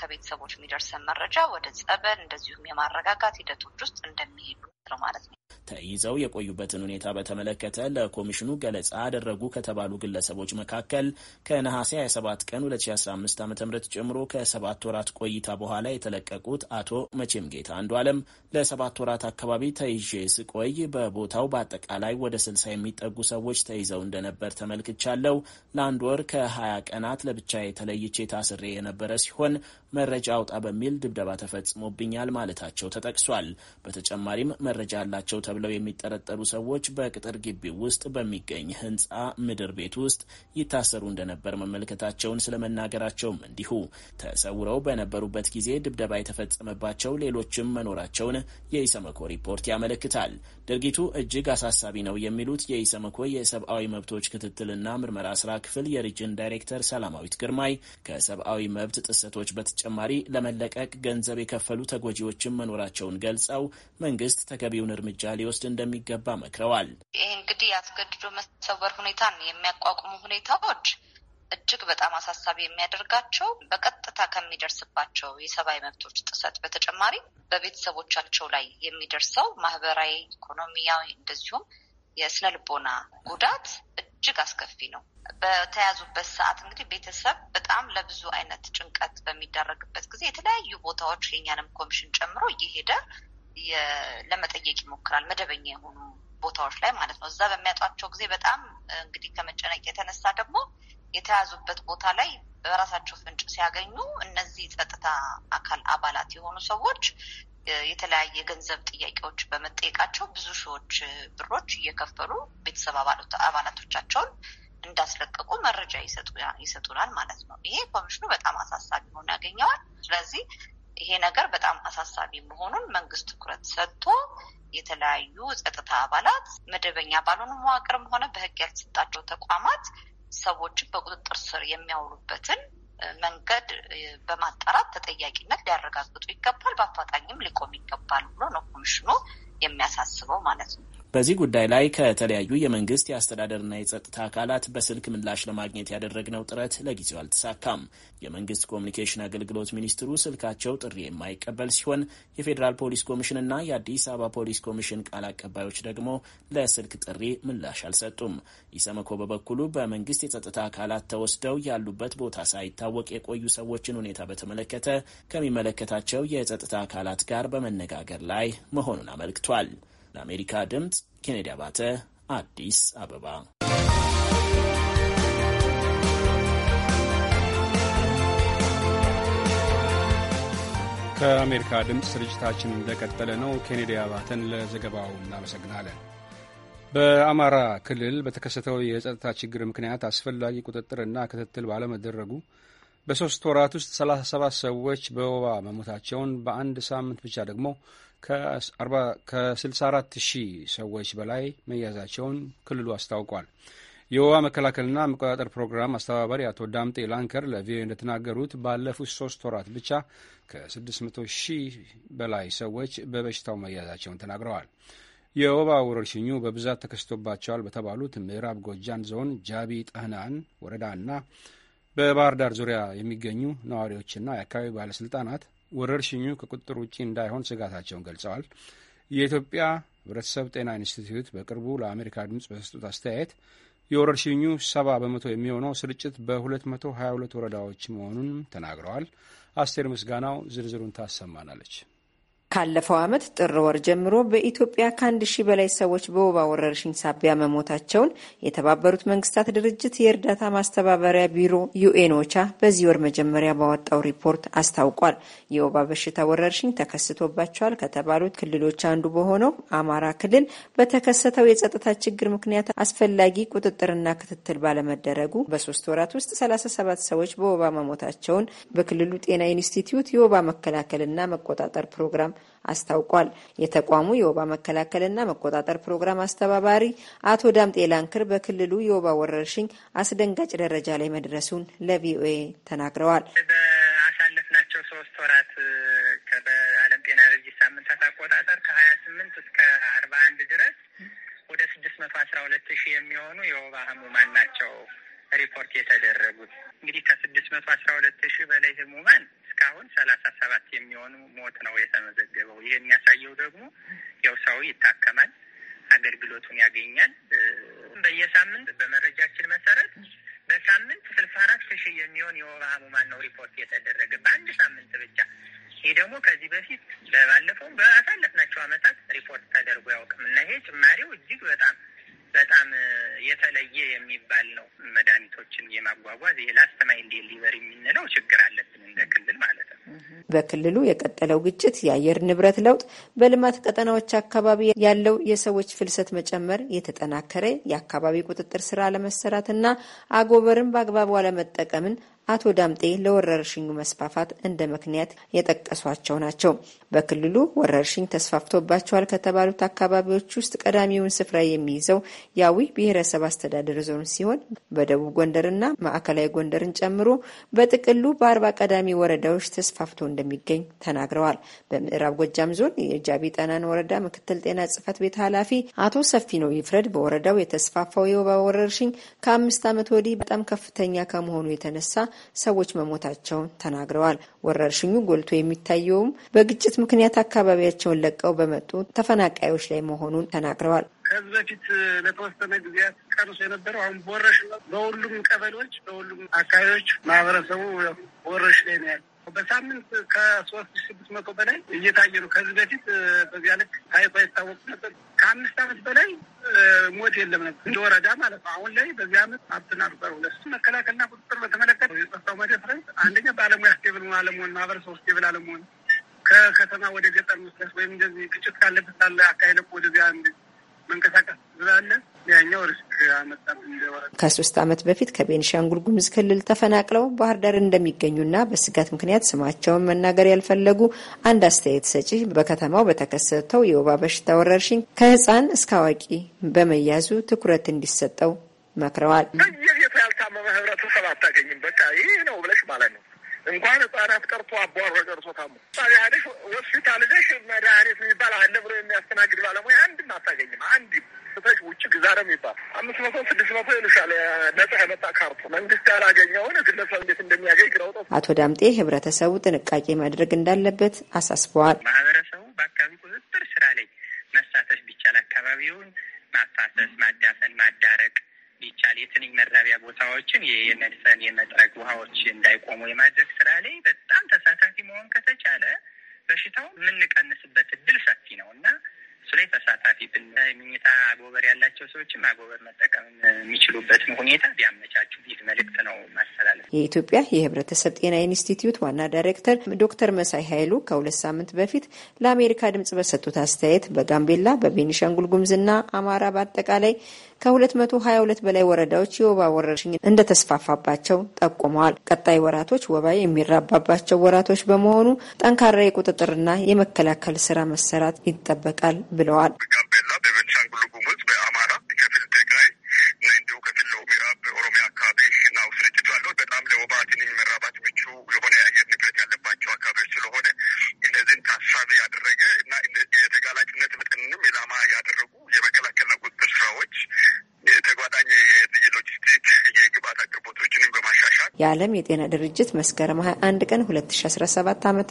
ከቤተሰቦች የሚደርሰን መረጃ ወደ ጸበል እንደዚሁም የማረጋጋት ሂደቶች ውስጥ እንደሚሄዱ ነው ማለት ነው። ተይዘው የቆዩበትን ሁኔታ በተመለከተ ለኮሚሽኑ ገለጻ አደረጉ ከተባሉ ግለሰቦች መካከል ከነሐሴ 27 ቀን 2015 ዓ ም ጀምሮ ከሰባት ወራት ቆይታ በኋላ የተለቀቁት አቶ መቼም ጌታ አንዱ አለም ለሰባት ወራት አካባቢ ተይዤ ስቆይ በቦታው በአጠቃላይ ወደ 60 የሚጠጉ ሰዎች ተይዘው እንደነበር ተመልክቻለሁ። ለአንድ ወር ከ20 ቀናት ለብቻ ተለይቼ ታስሬ የነበረ ሲሆን መረጃ አውጣ በሚል ድብደባ ተፈጽሞብኛል ማለታቸው ተጠቅሷል። በተጨማሪም መረጃ አላቸው ተብለው የሚጠረጠሩ ሰዎች በቅጥር ግቢ ውስጥ በሚገኝ ህንፃ ምድር ቤት ውስጥ ይታሰሩ እንደነበር መመልከታቸውን ስለመናገራቸውም እንዲሁ ተሰውረው በነበሩበት ጊዜ ድብደባ የተፈጸመባቸው ሌሎችም መኖራቸውን የኢሰመኮ ሪፖርት ያመለክታል። ድርጊቱ እጅግ አሳሳቢ ነው የሚሉት የኢሰመኮ የሰብአዊ መብቶች ክትትልና ምርመራ ስራ ክፍል የሪጅን ዳይሬክተር ሰላማዊት ግርማይ ከሰብአዊ መብት ጥሰቶች በተጨማሪ ለመለቀቅ ገንዘብ የከፈሉ ተጎጂዎችም መኖራቸውን ገልጸው መንግስት ተገቢውን እርምጃ ሊ ሊወስድ እንደሚገባ መክረዋል። ይህ እንግዲህ አስገድዶ መሰወር ሁኔታን የሚያቋቁሙ ሁኔታዎች እጅግ በጣም አሳሳቢ የሚያደርጋቸው በቀጥታ ከሚደርስባቸው የሰብአዊ መብቶች ጥሰት በተጨማሪ በቤተሰቦቻቸው ላይ የሚደርሰው ማህበራዊ፣ ኢኮኖሚያዊ እንደዚሁም የስነ ልቦና ጉዳት እጅግ አስከፊ ነው። በተያዙበት ሰዓት እንግዲህ ቤተሰብ በጣም ለብዙ አይነት ጭንቀት በሚዳረግበት ጊዜ የተለያዩ ቦታዎች የኛንም ኮሚሽን ጨምሮ እየሄደ ለመጠየቅ ይሞክራል። መደበኛ የሆኑ ቦታዎች ላይ ማለት ነው። እዛ በሚያጧቸው ጊዜ በጣም እንግዲህ ከመጨነቅ የተነሳ ደግሞ የተያዙበት ቦታ ላይ በራሳቸው ፍንጭ ሲያገኙ እነዚህ ጸጥታ አካል አባላት የሆኑ ሰዎች የተለያየ ገንዘብ ጥያቄዎች በመጠየቃቸው ብዙ ሺዎች ብሮች እየከፈሉ ቤተሰብ አባላቶቻቸውን እንዳስለቀቁ መረጃ ይሰጡናል ማለት ነው። ይሄ ኮሚሽኑ በጣም አሳሳቢ ሆኖ ያገኘዋል። ስለዚህ ይሄ ነገር በጣም አሳሳቢ መሆኑን መንግስት ትኩረት ሰጥቶ የተለያዩ ጸጥታ አባላት መደበኛ ባልሆኑ መዋቅርም ሆነ በህግ ያልተሰጣቸው ተቋማት ሰዎችን በቁጥጥር ስር የሚያውሉበትን መንገድ በማጣራት ተጠያቂነት ሊያረጋግጡ ይገባል፣ በአፋጣኝም ሊቆም ይገባል ብሎ ነው ኮሚሽኑ የሚያሳስበው ማለት ነው። በዚህ ጉዳይ ላይ ከተለያዩ የመንግስት የአስተዳደርና የጸጥታ አካላት በስልክ ምላሽ ለማግኘት ያደረግነው ጥረት ለጊዜው አልተሳካም። የመንግስት ኮሚኒኬሽን አገልግሎት ሚኒስትሩ ስልካቸው ጥሪ የማይቀበል ሲሆን የፌዴራል ፖሊስ ኮሚሽንና የአዲስ አበባ ፖሊስ ኮሚሽን ቃል አቀባዮች ደግሞ ለስልክ ጥሪ ምላሽ አልሰጡም። ኢሰመኮ በበኩሉ በመንግስት የጸጥታ አካላት ተወስደው ያሉበት ቦታ ሳይታወቅ የቆዩ ሰዎችን ሁኔታ በተመለከተ ከሚመለከታቸው የጸጥታ አካላት ጋር በመነጋገር ላይ መሆኑን አመልክቷል። ለአሜሪካ ድምፅ ኬኔዲ አባተ አዲስ አበባ። ከአሜሪካ ድምፅ ስርጭታችን እንደቀጠለ ነው። ኬኔዲ አባተን ለዘገባው እናመሰግናለን። በአማራ ክልል በተከሰተው የጸጥታ ችግር ምክንያት አስፈላጊ ቁጥጥርና ክትትል ባለመደረጉ በሶስት ወራት ውስጥ 37 ሰዎች በወባ መሞታቸውን በአንድ ሳምንት ብቻ ደግሞ ከ64 ሺህ ሰዎች በላይ መያዛቸውን ክልሉ አስታውቋል። የወባ መከላከልና መቆጣጠር ፕሮግራም አስተባባሪ አቶ ዳምጤ ላንከር ለቪኦኤ እንደተናገሩት ባለፉት ሶስት ወራት ብቻ ከ600 ሺህ በላይ ሰዎች በበሽታው መያዛቸውን ተናግረዋል። የወባ ወረርሽኙ በብዛት ተከስቶባቸዋል በተባሉት ምዕራብ ጎጃን ዞን ጃቢ ጠህናን ወረዳና በባህር ዳር ዙሪያ የሚገኙ ነዋሪዎችና የአካባቢ ባለስልጣናት። ወረርሽኙ ከቁጥጥር ውጪ እንዳይሆን ስጋታቸውን ገልጸዋል። የኢትዮጵያ ሕብረተሰብ ጤና ኢንስቲትዩት በቅርቡ ለአሜሪካ ድምፅ በሰጡት አስተያየት የወረርሽኙ ሰባ በመቶ የሚሆነው ስርጭት በ222 ወረዳዎች መሆኑን ተናግረዋል። አስቴር ምስጋናው ዝርዝሩን ታሰማናለች። ካለፈው ዓመት ጥር ወር ጀምሮ በኢትዮጵያ ከአንድ ሺህ በላይ ሰዎች በወባ ወረርሽኝ ሳቢያ መሞታቸውን የተባበሩት መንግስታት ድርጅት የእርዳታ ማስተባበሪያ ቢሮ ዩኤንኦቻ በዚህ ወር መጀመሪያ ባወጣው ሪፖርት አስታውቋል። የወባ በሽታ ወረርሽኝ ተከስቶባቸዋል ከተባሉት ክልሎች አንዱ በሆነው አማራ ክልል በተከሰተው የጸጥታ ችግር ምክንያት አስፈላጊ ቁጥጥርና ክትትል ባለመደረጉ በሶስት ወራት ውስጥ 37 ሰዎች በወባ መሞታቸውን በክልሉ ጤና ኢንስቲትዩት የወባ መከላከልና መቆጣጠር ፕሮግራም አስታውቋል። የተቋሙ የወባ መከላከልና መቆጣጠር ፕሮግራም አስተባባሪ አቶ ዳምጤ ላንክር በክልሉ የወባ ወረርሽኝ አስደንጋጭ ደረጃ ላይ መድረሱን ለቪኦኤ ተናግረዋል። ባሳለፍናቸው ሶስት ወራት በዓለም ጤና ድርጅት ሳምንታት አቆጣጠር ከሀያ ስምንት እስከ አርባ አንድ ድረስ ወደ ስድስት መቶ አስራ ሁለት ሺህ የሚሆኑ የወባ ህሙማን ናቸው ሪፖርት የተደረጉት። እንግዲህ ከስድስት መቶ አስራ ሁለት ሺህ በላይ ህሙማን እስካሁን ሰላሳ ሰባት የሚሆኑ ሞት ነው የተመዘገበው። ይህ የሚያሳየው ደግሞ ያው ሰው ይታከማል፣ አገልግሎቱን ያገኛል። በየሳምንት በመረጃችን መሰረት በሳምንት ስልሳ አራት ሺህ የሚሆን የወባ ህሙማን ነው ሪፖርት የተደረገ በአንድ ሳምንት ብቻ። ይህ ደግሞ ከዚህ በፊት ባለፈው በአሳለፍናቸው አመታት ሪፖርት ተደርጎ ያውቅም እና ይሄ ጭማሪው እጅግ በጣም በጣም የተለየ የሚባል ነው። መድኃኒቶችን የማጓጓዝ ይሄ ላስት ማይል ዴሊቨሪ የምንለው ችግር አለብን እንደ ክልል ማለት ነው። በክልሉ የቀጠለው ግጭት፣ የአየር ንብረት ለውጥ፣ በልማት ቀጠናዎች አካባቢ ያለው የሰዎች ፍልሰት መጨመር፣ የተጠናከረ የአካባቢ ቁጥጥር ስራ እና አጎበርን በአግባቡ አለመጠቀምን አቶ ዳምጤ ለወረርሽኙ መስፋፋት እንደ ምክንያት የጠቀሷቸው ናቸው። በክልሉ ወረርሽኝ ተስፋፍቶባቸዋል ከተባሉት አካባቢዎች ውስጥ ቀዳሚውን ስፍራ የሚይዘው የአዊ ብሔረሰብ አስተዳደር ዞን ሲሆን በደቡብ ጎንደርና ማዕከላዊ ጎንደርን ጨምሮ በጥቅሉ በአርባ ቀዳሚ ወረዳዎች ተስፋፍቶ እንደሚገኝ ተናግረዋል። በምዕራብ ጎጃም ዞን የጃቢ ጠናን ወረዳ ምክትል ጤና ጽህፈት ቤት ኃላፊ አቶ ሰፊ ነው ይፍረድ በወረዳው የተስፋፋው የወባ ወረርሽኝ ከአምስት ዓመት ወዲህ በጣም ከፍተኛ ከመሆኑ የተነሳ ሰዎች መሞታቸውን ተናግረዋል። ወረርሽኙ ጎልቶ የሚታየውም በግጭት ምክንያት አካባቢያቸውን ለቀው በመጡ ተፈናቃዮች ላይ መሆኑን ተናግረዋል። ከዚህ በፊት ለተወሰነ ጊዜያት ቀንሶ የነበረው አሁን በወረሽ በሁሉም ቀበሌዎች፣ በሁሉም አካባቢዎች ማህበረሰቡ ወረሽ ላይ ነው ያለ በሳምንት ከሶስት ሺ ስድስት መቶ በላይ እየታየ ነው። ከዚህ በፊት በዚያ ልክ ታይቶ አይታወቁ ነበር። ከአምስት አመት በላይ ሞት የለም ነበር እንደ ወረዳ ማለት ነው። አሁን ላይ በዚህ አመት ሀብትን አርበር ሁለት መከላከልና ቁጥጥር በተመለከተ የጸጥታው መደፍረስ አንደኛ በአለሙያ ስቴብል አለመሆን፣ ማህበረሰቡ ስቴብል አለመሆን፣ ከከተማ ወደ ገጠር መስለስ ወይም እንደዚህ ግጭት ካለበት ላለ አካሄደ ወደዚያ መንቀሳቀስ ስላለ ከሶስት አመት በፊት ከቤንሻንጉል ጉምዝ ክልል ተፈናቅለው ባህር ዳር እንደሚገኙና በስጋት ምክንያት ስማቸውን መናገር ያልፈለጉ አንድ አስተያየት ሰጪ በከተማው በተከሰተው የወባ በሽታ ወረርሽኝ ከህፃን እስከ አዋቂ በመያዙ ትኩረት እንዲሰጠው መክረዋል። በየቤቱ ያልታመመ ህብረተሰብ አታገኝም። በቃ ይህ ነው ብለሽ ማለት ነው። እንኳን ህጻናት ቀርቶ አቧሮ ደርሶ ታሞ ሆስፒታል ልደሽ መድኃኒት የሚባል አለ ብሎ የሚያስተናግድ ባለሙያ አንድም አታገኝም። አንድም አስፍተሽ ውጭ ግዛረ የሚባል አምስት መቶ ስድስት መቶ ይሉሻል። ነጻ የመጣ ካርቱ መንግስት ያላገኘውን ግለሰብ እንዴት እንደሚያገኝ ግራ አቶ ዳምጤ ህብረተሰቡ ጥንቃቄ ማድረግ እንዳለበት አሳስበዋል። ማህበረሰቡ በአካባቢ ቁጥጥር ስራ ላይ መሳተፍ ቢቻል አካባቢውን ማፋሰስ፣ ማዳፈን፣ ማዳረቅ ቢቻል የትንኝ መራቢያ ቦታዎችን የመድፈን የመጥረግ ውሃዎች እንዳይቆሙ የማድረግ ስራ ላይ በጣም ተሳታፊ መሆን ከተቻለ በሽታው የምንቀንስበት እድል ሰፊ ነው እና እሱ ላይ ተሳታፊ ብና የምኝታ አጎበር ያላቸው ሰዎችም አጎበር መጠቀም የሚችሉበትን ሁኔታ ቢያመቻቹ ይህ መልእክት ነው ማስተላለፍ። የኢትዮጵያ የህብረተሰብ ጤና ኢንስቲትዩት ዋና ዳይሬክተር ዶክተር መሳይ ኃይሉ ከሁለት ሳምንት በፊት ለአሜሪካ ድምጽ በሰጡት አስተያየት በጋምቤላ፣ በቤኒሻንጉል ጉምዝና አማራ በአጠቃላይ ከ222 በላይ ወረዳዎች የወባ ወረርሽኝ እንደተስፋፋባቸው ጠቁመዋል። ቀጣይ ወራቶች ወባ የሚራባባቸው ወራቶች በመሆኑ ጠንካራ የቁጥጥርና የመከላከል ስራ መሰራት ይጠበቃል ብለዋል። ኦሮሚያ አካባቢ ነው ስርጭቱ ያለው። በጣም ለወባ ትንኝ መራባት ምቹ የሆነ የአየር ንብረት ያለባቸው አካባቢዎች ስለሆነ እነዚህን ታሳቢ ያደረገ እና የተጋላጭነት መጠንንም ኢላማ ስራዎች ተጓዳኝ የዓለም የጤና ድርጅት መስከረም 21 ቀን 2017 ዓ ም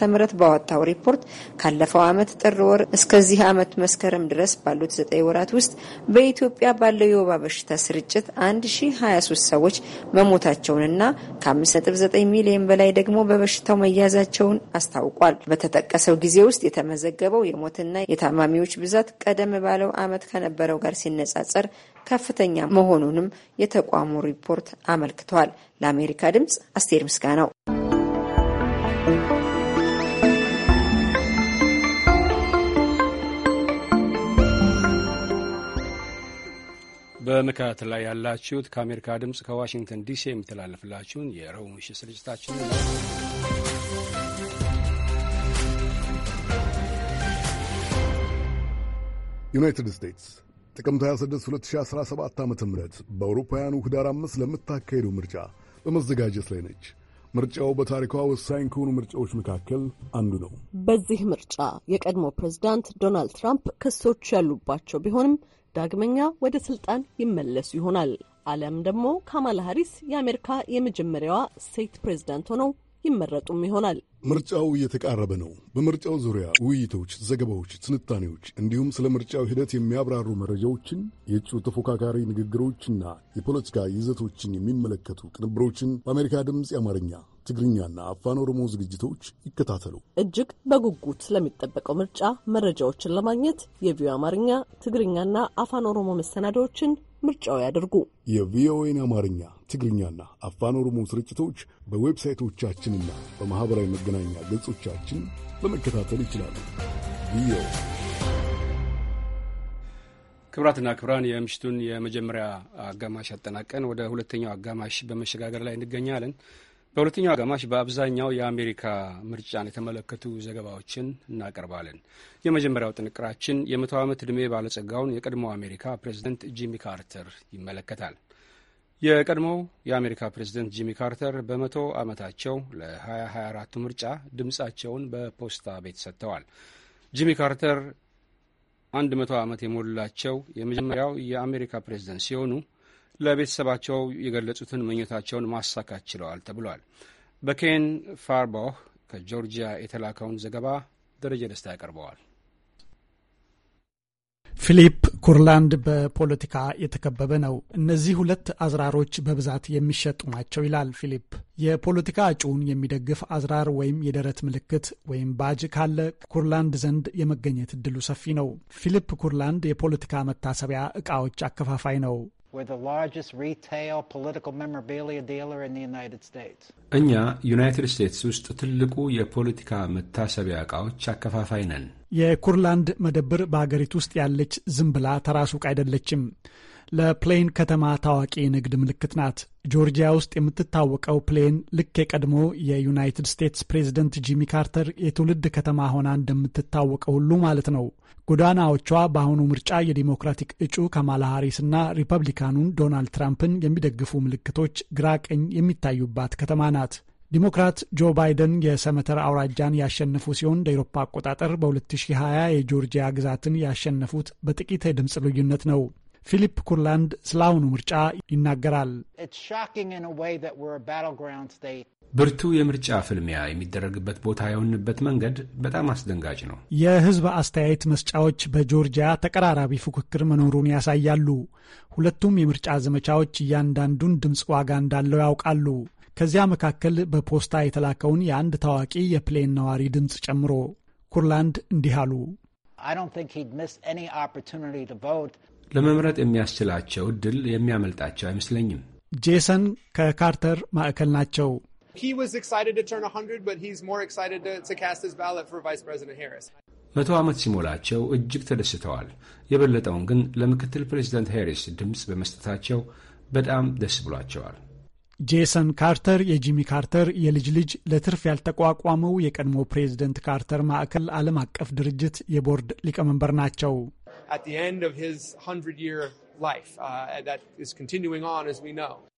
ባወጣው ሪፖርት ካለፈው ዓመት ጥር ወር እስከዚህ ዓመት መስከረም ድረስ ባሉት 9 ወራት ውስጥ በኢትዮጵያ ባለው የወባ በሽታ ስርጭት 1023 ሰዎች መሞታቸውንና ከ59 ሚሊዮን በላይ ደግሞ በበሽታው መያዛቸውን አስታውቋል። በተጠቀሰው ጊዜ ውስጥ የተመዘገበው የሞትና የታማሚዎች ብዛት ቀደም ባለው ዓመት ከነበረው ጋር ሲነጻጸር ከፍተኛ መሆኑንም የተቋሙ ሪፖርት አመልክቷል። ለአሜሪካ ድምጽ አስቴር ምስጋናው። በመከታተል ላይ ያላችሁት ከአሜሪካ ድምፅ ከዋሽንግተን ዲሲ የሚተላለፍላችሁን የረቡዕ ምሽት ስርጭታችን ነው። ዩናይትድ ስቴትስ ጥቅምት 26 2017 ዓ ም በአውሮፓውያኑ ኅዳር 5 ለምታካሄደው ምርጫ በመዘጋጀት ላይ ነች። ምርጫው በታሪኳ ወሳኝ ከሆኑ ምርጫዎች መካከል አንዱ ነው። በዚህ ምርጫ የቀድሞ ፕሬዝዳንት ዶናልድ ትራምፕ ክሶች ያሉባቸው ቢሆንም ዳግመኛ ወደ ስልጣን ይመለሱ ይሆናል አለም ደግሞ ካማላ ሀሪስ የአሜሪካ የመጀመሪያዋ ሴት ፕሬዝዳንት ሆነው ይመረጡም ይሆናል። ምርጫው እየተቃረበ ነው። በምርጫው ዙሪያ ውይይቶች፣ ዘገባዎች፣ ትንታኔዎች እንዲሁም ስለ ምርጫው ሂደት የሚያብራሩ መረጃዎችን፣ የእጩ ተፎካካሪ ንግግሮችና የፖለቲካ ይዘቶችን የሚመለከቱ ቅንብሮችን በአሜሪካ ድምፅ የአማርኛ ትግርኛና አፋን ኦሮሞ ዝግጅቶች ይከታተሉ። እጅግ በጉጉት ስለሚጠበቀው ምርጫ መረጃዎችን ለማግኘት የቪዮ አማርኛ ትግርኛና አፋን ኦሮሞ መሰናዳዎችን ምርጫው ያደርጉ። የቪኦኤን አማርኛ፣ ትግርኛና አፋን ኦሮሞ ስርጭቶች በዌብሳይቶቻችንና በማኅበራዊ መገናኛ ገጾቻችን በመከታተል ይችላሉ። ክብራትና ክብራን የምሽቱን የመጀመሪያ አጋማሽ አጠናቀን ወደ ሁለተኛው አጋማሽ በመሸጋገር ላይ እንገኛለን። በሁለተኛው አጋማሽ በአብዛኛው የአሜሪካ ምርጫን የተመለከቱ ዘገባዎችን እናቀርባለን። የመጀመሪያው ጥንቅራችን የመቶ ዓመት ዕድሜ ባለጸጋውን የቀድሞው አሜሪካ ፕሬዚደንት ጂሚ ካርተር ይመለከታል። የቀድሞው የአሜሪካ ፕሬዚደንት ጂሚ ካርተር በመቶ ዓመታቸው ለ2024ቱ ምርጫ ድምፃቸውን በፖስታ ቤት ሰጥተዋል። ጂሚ ካርተር አንድ መቶ ዓመት የሞላቸው የመጀመሪያው የአሜሪካ ፕሬዚደንት ሲሆኑ ለቤተሰባቸው የገለጹትን ምኞታቸውን ማሳካት ችለዋል ተብሏል። በኬን ፋርባህ ከጆርጂያ የተላከውን ዘገባ ደረጀ ደስታ ያቀርበዋል። ፊሊፕ ኩርላንድ በፖለቲካ የተከበበ ነው። እነዚህ ሁለት አዝራሮች በብዛት የሚሸጡ ናቸው ይላል ፊሊፕ። የፖለቲካ እጩውን የሚደግፍ አዝራር ወይም የደረት ምልክት ወይም ባጅ ካለ ኩርላንድ ዘንድ የመገኘት እድሉ ሰፊ ነው። ፊሊፕ ኩርላንድ የፖለቲካ መታሰቢያ እቃዎች አከፋፋይ ነው። እኛ ዩናይትድ ስቴትስ ውስጥ ትልቁ የፖለቲካ መታሰቢያ ዕቃዎች አከፋፋይ ነን። የኩርላንድ መደብር በሀገሪቱ ውስጥ ያለች ዝም ብላ ተራ ሱቅ አይደለችም። ለፕሌን ከተማ ታዋቂ የንግድ ምልክት ናት። ጆርጂያ ውስጥ የምትታወቀው ፕሌን ልክ የቀድሞ የዩናይትድ ስቴትስ ፕሬዝደንት ጂሚ ካርተር የትውልድ ከተማ ሆና እንደምትታወቀው ሁሉ ማለት ነው። ጎዳናዎቿ በአሁኑ ምርጫ የዲሞክራቲክ እጩ ካማላ ና ሪፐብሊካኑን ዶናልድ ትራምፕን የሚደግፉ ምልክቶች ግራ ቀኝ የሚታዩባት ከተማ ናት። ዲሞክራት ጆ ባይደን የሰመተር አውራጃን ያሸነፉ ሲሆን እንደ አውሮፓ አቆጣጠር በ2020 የጆርጂያ ግዛትን ያሸነፉት በጥቂት የድምፅ ልዩነት ነው። ፊሊፕ ኩርላንድ ስለ አሁኑ ምርጫ ይናገራል። ብርቱ የምርጫ ፍልሚያ የሚደረግበት ቦታ የሆንበት መንገድ በጣም አስደንጋጭ ነው። የህዝብ አስተያየት መስጫዎች በጆርጂያ ተቀራራቢ ፉክክር መኖሩን ያሳያሉ። ሁለቱም የምርጫ ዘመቻዎች እያንዳንዱን ድምፅ ዋጋ እንዳለው ያውቃሉ። ከዚያ መካከል በፖስታ የተላከውን የአንድ ታዋቂ የፕሌን ነዋሪ ድምፅ ጨምሮ ኩርላንድ እንዲህ አሉ። ለመምረጥ የሚያስችላቸው እድል የሚያመልጣቸው አይመስለኝም። ጄሰን ከካርተር ማዕከል ናቸው። he was excited to turn 100, but he's more excited to, to cast his ballot for Vice President Harris. መቶ ዓመት ሲሞላቸው እጅግ ተደስተዋል። የበለጠውን ግን ለምክትል ፕሬዚደንት ሄሪስ ድምፅ በመስጠታቸው በጣም ደስ ብሏቸዋል። ጄሰን ካርተር የጂሚ ካርተር የልጅ ልጅ ለትርፍ ያልተቋቋመው የቀድሞ ፕሬዚደንት ካርተር ማዕከል ዓለም አቀፍ ድርጅት የቦርድ ሊቀመንበር ናቸው።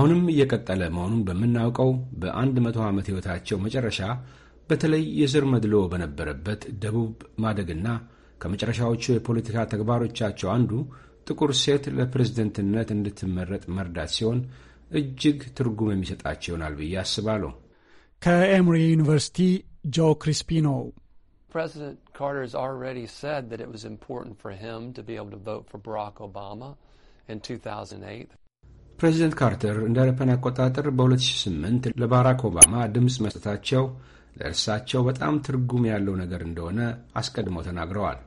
አሁንም እየቀጠለ መሆኑን በምናውቀው በአንድ መቶ ዓመት ሕይወታቸው መጨረሻ በተለይ የዘር መድሎ በነበረበት ደቡብ ማደግና ከመጨረሻዎቹ የፖለቲካ ተግባሮቻቸው አንዱ ጥቁር ሴት ለፕሬዝደንትነት እንድትመረጥ መርዳት ሲሆን እጅግ ትርጉም የሚሰጣቸው ይሆናል ብዬ አስባለሁ። ከኤምሪ ዩኒቨርሲቲ ጆ ክሪስፒኖ ፕሬዚደንት ካርተር ፕሬዚደንት ካርተር እንደ አውሮፓውያን አቆጣጠር በ2008 ለባራክ ኦባማ ድምፅ መስጠታቸው ለእርሳቸው በጣም ትርጉም ያለው ነገር እንደሆነ አስቀድመው ተናግረዋል።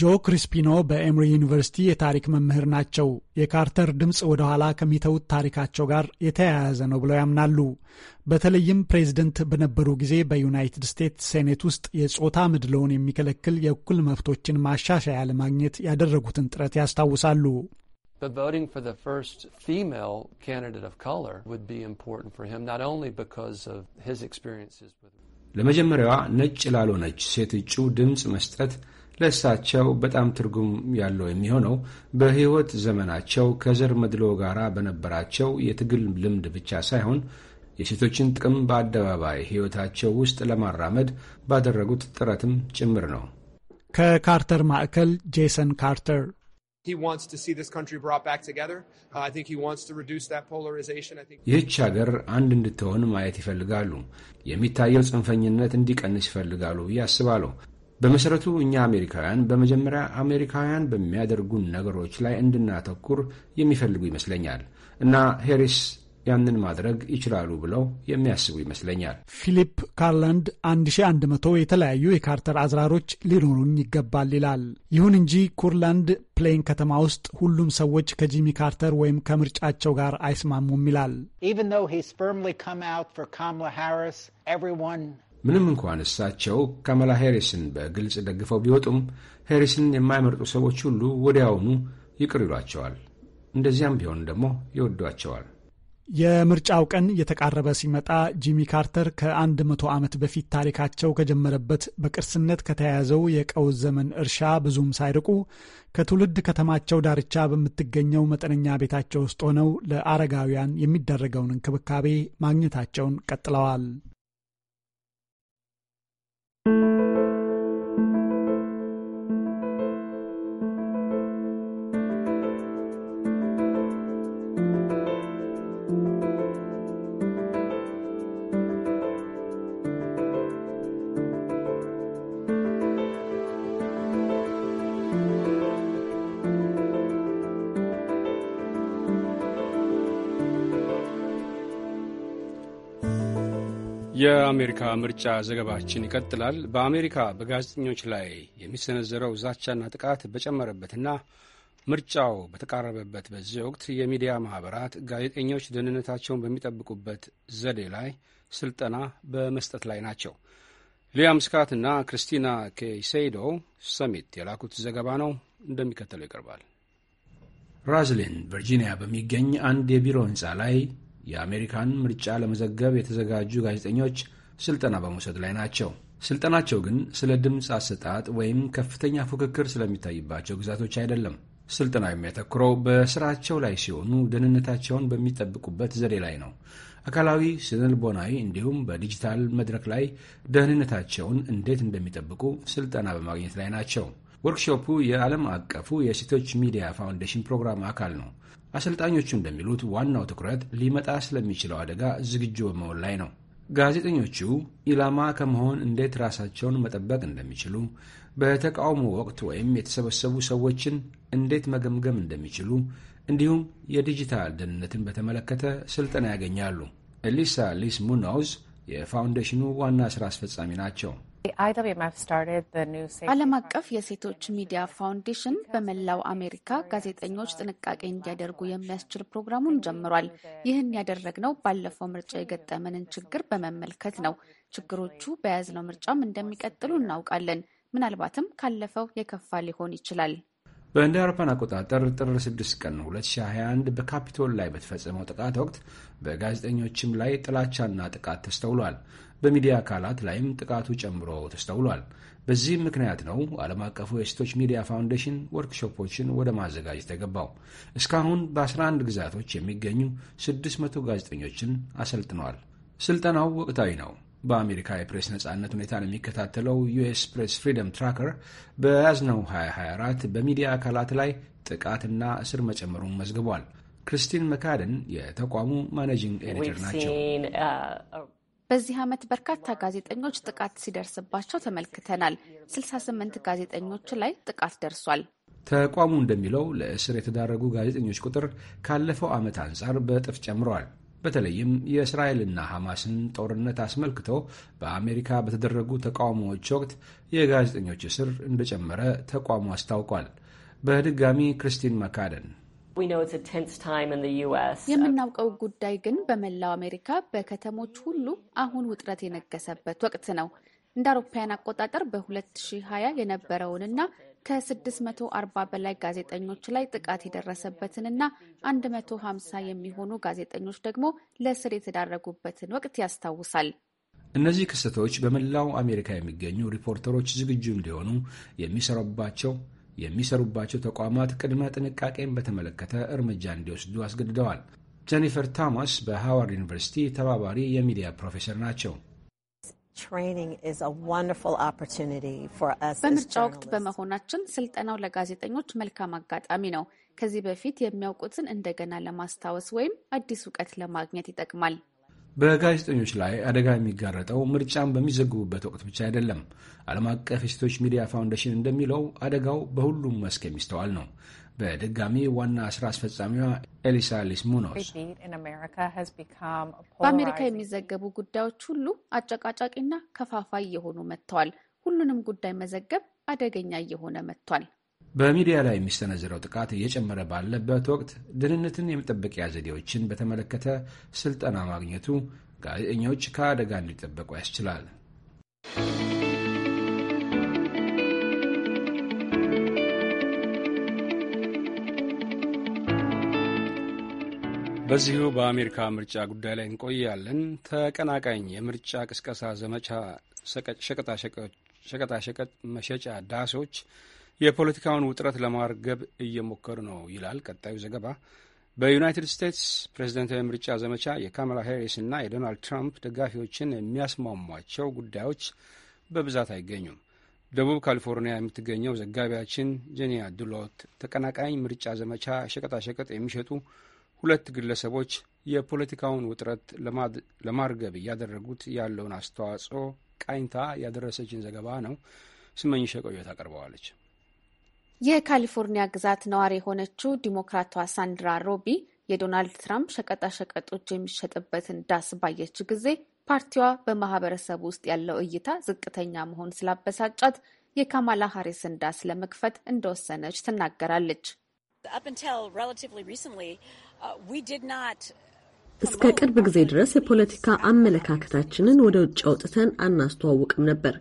ጆ ክሪስፒኖ በኤምሪ ዩኒቨርሲቲ የታሪክ መምህር ናቸው። የካርተር ድምፅ ወደ ኋላ ከሚተውት ታሪካቸው ጋር የተያያዘ ነው ብለው ያምናሉ። በተለይም ፕሬዝደንት በነበሩ ጊዜ በዩናይትድ ስቴትስ ሴኔት ውስጥ የጾታ ምድለውን የሚከለክል የእኩል መብቶችን ማሻሻያ ለማግኘት ያደረጉትን ጥረት ያስታውሳሉ። But voting for the first female candidate of color would be important for him, not only because of his experiences with ለመጀመሪያዋ ነጭ ላልሆነች ሴት እጩ ድምፅ መስጠት ለእሳቸው በጣም ትርጉም ያለው የሚሆነው በሕይወት ዘመናቸው ከዘር መድሎ ጋር በነበራቸው የትግል ልምድ ብቻ ሳይሆን የሴቶችን ጥቅም በአደባባይ ሕይወታቸው ውስጥ ለማራመድ ባደረጉት ጥረትም ጭምር ነው። ከካርተር ማዕከል ጄሰን ካርተር ይህች ሀገር አንድ እንድትሆን ማየት ይፈልጋሉ። የሚታየው ጽንፈኝነት እንዲቀንስ ይፈልጋሉ ብዬ አስባለሁ። በመሰረቱ እኛ አሜሪካውያን በመጀመሪያ አሜሪካውያን በሚያደርጉን ነገሮች ላይ እንድናተኩር የሚፈልጉ ይመስለኛል እና ሄሪስ ያንን ማድረግ ይችላሉ ብለው የሚያስቡ ይመስለኛል። ፊሊፕ ካርላንድ 1100 የተለያዩ የካርተር አዝራሮች ሊኖሩን ይገባል ይላል። ይሁን እንጂ ኩርላንድ ፕሌን ከተማ ውስጥ ሁሉም ሰዎች ከጂሚ ካርተር ወይም ከምርጫቸው ጋር አይስማሙም ይላል። ምንም እንኳን እሳቸው ካማላ ሄሪስን በግልጽ ደግፈው ቢወጡም ሄሪስን የማይመርጡ ሰዎች ሁሉ ወዲያውኑ ይቅር ይሏቸዋል። እንደዚያም ቢሆን ደግሞ ይወዷቸዋል። የምርጫው ቀን እየተቃረበ ሲመጣ ጂሚ ካርተር ከአንድ መቶ ዓመት በፊት ታሪካቸው ከጀመረበት በቅርስነት ከተያያዘው የቀውስ ዘመን እርሻ ብዙም ሳይርቁ ከትውልድ ከተማቸው ዳርቻ በምትገኘው መጠነኛ ቤታቸው ውስጥ ሆነው ለአረጋውያን የሚደረገውን እንክብካቤ ማግኘታቸውን ቀጥለዋል። የአሜሪካ ምርጫ ዘገባችን ይቀጥላል። በአሜሪካ በጋዜጠኞች ላይ የሚሰነዘረው ዛቻና ጥቃት በጨመረበትና ምርጫው በተቃረበበት በዚህ ወቅት የሚዲያ ማህበራት ጋዜጠኞች ደህንነታቸውን በሚጠብቁበት ዘዴ ላይ ስልጠና በመስጠት ላይ ናቸው። ሊያም ስካት እና ክርስቲና ኬሴዶ ሰሚት የላኩት ዘገባ ነው፣ እንደሚከተለው ይቀርባል። ራዝሊን ቨርጂኒያ በሚገኝ አንድ የቢሮ ህንፃ ላይ የአሜሪካን ምርጫ ለመዘገብ የተዘጋጁ ጋዜጠኞች ስልጠና በመውሰድ ላይ ናቸው። ስልጠናቸው ግን ስለ ድምፅ አሰጣጥ ወይም ከፍተኛ ፉክክር ስለሚታይባቸው ግዛቶች አይደለም። ስልጠናው የሚያተኩረው በስራቸው ላይ ሲሆኑ ደህንነታቸውን በሚጠብቁበት ዘዴ ላይ ነው። አካላዊ፣ ስነልቦናዊ እንዲሁም በዲጂታል መድረክ ላይ ደህንነታቸውን እንዴት እንደሚጠብቁ ስልጠና በማግኘት ላይ ናቸው። ወርክሾፑ የዓለም አቀፉ የሴቶች ሚዲያ ፋውንዴሽን ፕሮግራም አካል ነው። አሰልጣኞቹ እንደሚሉት ዋናው ትኩረት ሊመጣ ስለሚችለው አደጋ ዝግጁ በመሆን ላይ ነው። ጋዜጠኞቹ ኢላማ ከመሆን እንዴት ራሳቸውን መጠበቅ እንደሚችሉ፣ በተቃውሞ ወቅት ወይም የተሰበሰቡ ሰዎችን እንዴት መገምገም እንደሚችሉ፣ እንዲሁም የዲጂታል ደህንነትን በተመለከተ ስልጠና ያገኛሉ። ኤሊሳ ሊስ ሙናውዝ የፋውንዴሽኑ ዋና ሥራ አስፈጻሚ ናቸው። ዓለም አቀፍ የሴቶች ሚዲያ ፋውንዴሽን በመላው አሜሪካ ጋዜጠኞች ጥንቃቄ እንዲያደርጉ የሚያስችል ፕሮግራሙን ጀምሯል። ይህን ያደረግነው ባለፈው ምርጫ የገጠመንን ችግር በመመልከት ነው። ችግሮቹ በያዝነው ምርጫም እንደሚቀጥሉ እናውቃለን። ምናልባትም ካለፈው የከፋ ሊሆን ይችላል። በእንደ አውሮፓን አቆጣጠር ጥር 6 ቀን 2021 በካፒቶል ላይ በተፈጸመው ጥቃት ወቅት በጋዜጠኞችም ላይ ጥላቻና ጥቃት ተስተውሏል። በሚዲያ አካላት ላይም ጥቃቱ ጨምሮ ተስተውሏል። በዚህም ምክንያት ነው ዓለም አቀፉ የሴቶች ሚዲያ ፋውንዴሽን ወርክሾፖችን ወደ ማዘጋጀት የገባው። እስካሁን በ11 ግዛቶች የሚገኙ 600 ጋዜጠኞችን አሰልጥነዋል። ስልጠናው ወቅታዊ ነው። በአሜሪካ የፕሬስ ነጻነት ሁኔታን የሚከታተለው ዩኤስ ፕሬስ ፍሪደም ትራከር በያዝነው 2024 በሚዲያ አካላት ላይ ጥቃትና እስር መጨመሩን መዝግቧል። ክሪስቲን መካደን የተቋሙ ማኔጂንግ ኤዲተር ናቸው። በዚህ ዓመት በርካታ ጋዜጠኞች ጥቃት ሲደርስባቸው ተመልክተናል። 68 ጋዜጠኞች ላይ ጥቃት ደርሷል። ተቋሙ እንደሚለው ለእስር የተዳረጉ ጋዜጠኞች ቁጥር ካለፈው ዓመት አንጻር በእጥፍ ጨምረዋል። በተለይም የእስራኤልና ሐማስን ጦርነት አስመልክቶ በአሜሪካ በተደረጉ ተቃውሞዎች ወቅት የጋዜጠኞች እስር እንደጨመረ ተቋሙ አስታውቋል። በድጋሚ ክርስቲን መካደን የምናውቀው ጉዳይ ግን በመላው አሜሪካ በከተሞች ሁሉ አሁን ውጥረት የነገሰበት ወቅት ነው። እንደ አውሮፓውያን አቆጣጠር በ2020 የነበረውንና ከ640 በላይ ጋዜጠኞች ላይ ጥቃት የደረሰበትንና 150 የሚሆኑ ጋዜጠኞች ደግሞ ለእስር የተዳረጉበትን ወቅት ያስታውሳል። እነዚህ ክስተቶች በመላው አሜሪካ የሚገኙ ሪፖርተሮች ዝግጁ እንዲሆኑ የሚሰሩባቸው የሚሰሩባቸው ተቋማት ቅድመ ጥንቃቄን በተመለከተ እርምጃ እንዲወስዱ አስገድደዋል። ጀኒፈር ታማስ በሃዋርድ ዩኒቨርሲቲ ተባባሪ የሚዲያ ፕሮፌሰር ናቸው። በምርጫ ወቅት በመሆናችን ስልጠናው ለጋዜጠኞች መልካም አጋጣሚ ነው። ከዚህ በፊት የሚያውቁትን እንደገና ለማስታወስ ወይም አዲስ እውቀት ለማግኘት ይጠቅማል። በጋዜጠኞች ላይ አደጋ የሚጋረጠው ምርጫን በሚዘግቡበት ወቅት ብቻ አይደለም። ዓለም አቀፍ የሴቶች ሚዲያ ፋውንዴሽን እንደሚለው አደጋው በሁሉም መስክ የሚስተዋል ነው። በድጋሚ ዋና ስራ አስፈጻሚዋ ኤሊሳ ሊስሙኖስ በአሜሪካ የሚዘገቡ ጉዳዮች ሁሉ አጨቃጫቂና ከፋፋይ እየሆኑ መጥተዋል። ሁሉንም ጉዳይ መዘገብ አደገኛ እየሆነ መጥቷል። በሚዲያ ላይ የሚሰነዝረው ጥቃት እየጨመረ ባለበት ወቅት ደህንነትን የመጠበቂያ ዘዴዎችን በተመለከተ ስልጠና ማግኘቱ ጋዜጠኞች ከአደጋ እንዲጠበቁ ያስችላል። በዚሁ በአሜሪካ ምርጫ ጉዳይ ላይ እንቆያለን። ተቀናቃኝ የምርጫ ቅስቀሳ ዘመቻ ሸቀጣሸቀጥ መሸጫ ዳሶች የፖለቲካውን ውጥረት ለማርገብ እየሞከሩ ነው ይላል ቀጣዩ ዘገባ። በዩናይትድ ስቴትስ ፕሬዝደንታዊ ምርጫ ዘመቻ የካማላ ሄሪስ እና የዶናልድ ትራምፕ ደጋፊዎችን የሚያስማሟቸው ጉዳዮች በብዛት አይገኙም። ደቡብ ካሊፎርኒያ የምትገኘው ዘጋቢያችን ጄኒያ ዱሎት ተቀናቃኝ ምርጫ ዘመቻ ሸቀጣሸቀጥ የሚሸጡ ሁለት ግለሰቦች የፖለቲካውን ውጥረት ለማርገብ እያደረጉት ያለውን አስተዋጽኦ ቃኝታ ያደረሰችን ዘገባ ነው። ስመኝሽ ቆየት አቀርበዋለች። የካሊፎርኒያ ግዛት ነዋሪ የሆነችው ዲሞክራቷ ሳንድራ ሮቢ የዶናልድ ትራምፕ ሸቀጣሸቀጦች የሚሸጥበትን ዳስ ባየች ጊዜ ፓርቲዋ በማህበረሰብ ውስጥ ያለው እይታ ዝቅተኛ መሆን ስላበሳጫት የካማላ ሀሪስን ዳስ ለመክፈት እንደወሰነች ትናገራለች። uh, እስከ ቅርብ ጊዜ ድረስ የፖለቲካ አመለካከታችንን ወደ ውጭ አውጥተን አናስተዋውቅም ነበር።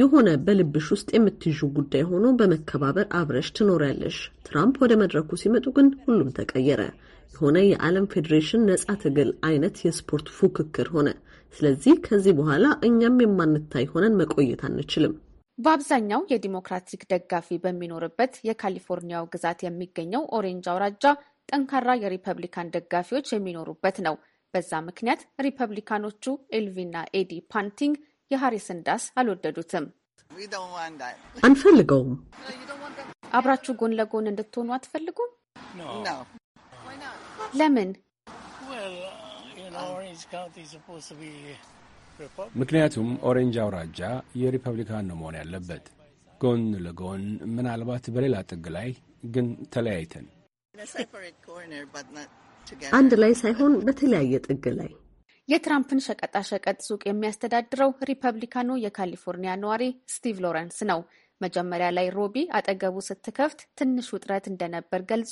የሆነ በልብሽ ውስጥ የምትይዡ ጉዳይ ሆኖ በመከባበር አብረሽ ትኖሪያለሽ። ትራምፕ ወደ መድረኩ ሲመጡ ግን ሁሉም ተቀየረ። የሆነ የዓለም ፌዴሬሽን ነጻ ትግል አይነት የስፖርት ፉክክር ሆነ። ስለዚህ ከዚህ በኋላ እኛም የማንታይ ሆነን መቆየት አንችልም። በአብዛኛው የዲሞክራቲክ ደጋፊ በሚኖርበት የካሊፎርኒያው ግዛት የሚገኘው ኦሬንጅ አውራጃ ጠንካራ የሪፐብሊካን ደጋፊዎች የሚኖሩበት ነው። በዛ ምክንያት ሪፐብሊካኖቹ ኤልቪና ኤዲ ፓንቲንግ የሃሪስን ዳስ አልወደዱትም። አንፈልገውም። አብራችሁ ጎን ለጎን እንድትሆኑ አትፈልጉም? ለምን? ምክንያቱም ኦሬንጅ አውራጃ የሪፐብሊካን ነው መሆን ያለበት። ጎን ለጎን ምናልባት በሌላ ጥግ ላይ ግን ተለያይተን አንድ ላይ ሳይሆን በተለያየ ጥግ ላይ የትራምፕን ሸቀጣሸቀጥ ሱቅ የሚያስተዳድረው ሪፐብሊካኑ የካሊፎርኒያ ነዋሪ ስቲቭ ሎረንስ ነው። መጀመሪያ ላይ ሮቢ አጠገቡ ስትከፍት ትንሽ ውጥረት እንደነበር ገልጾ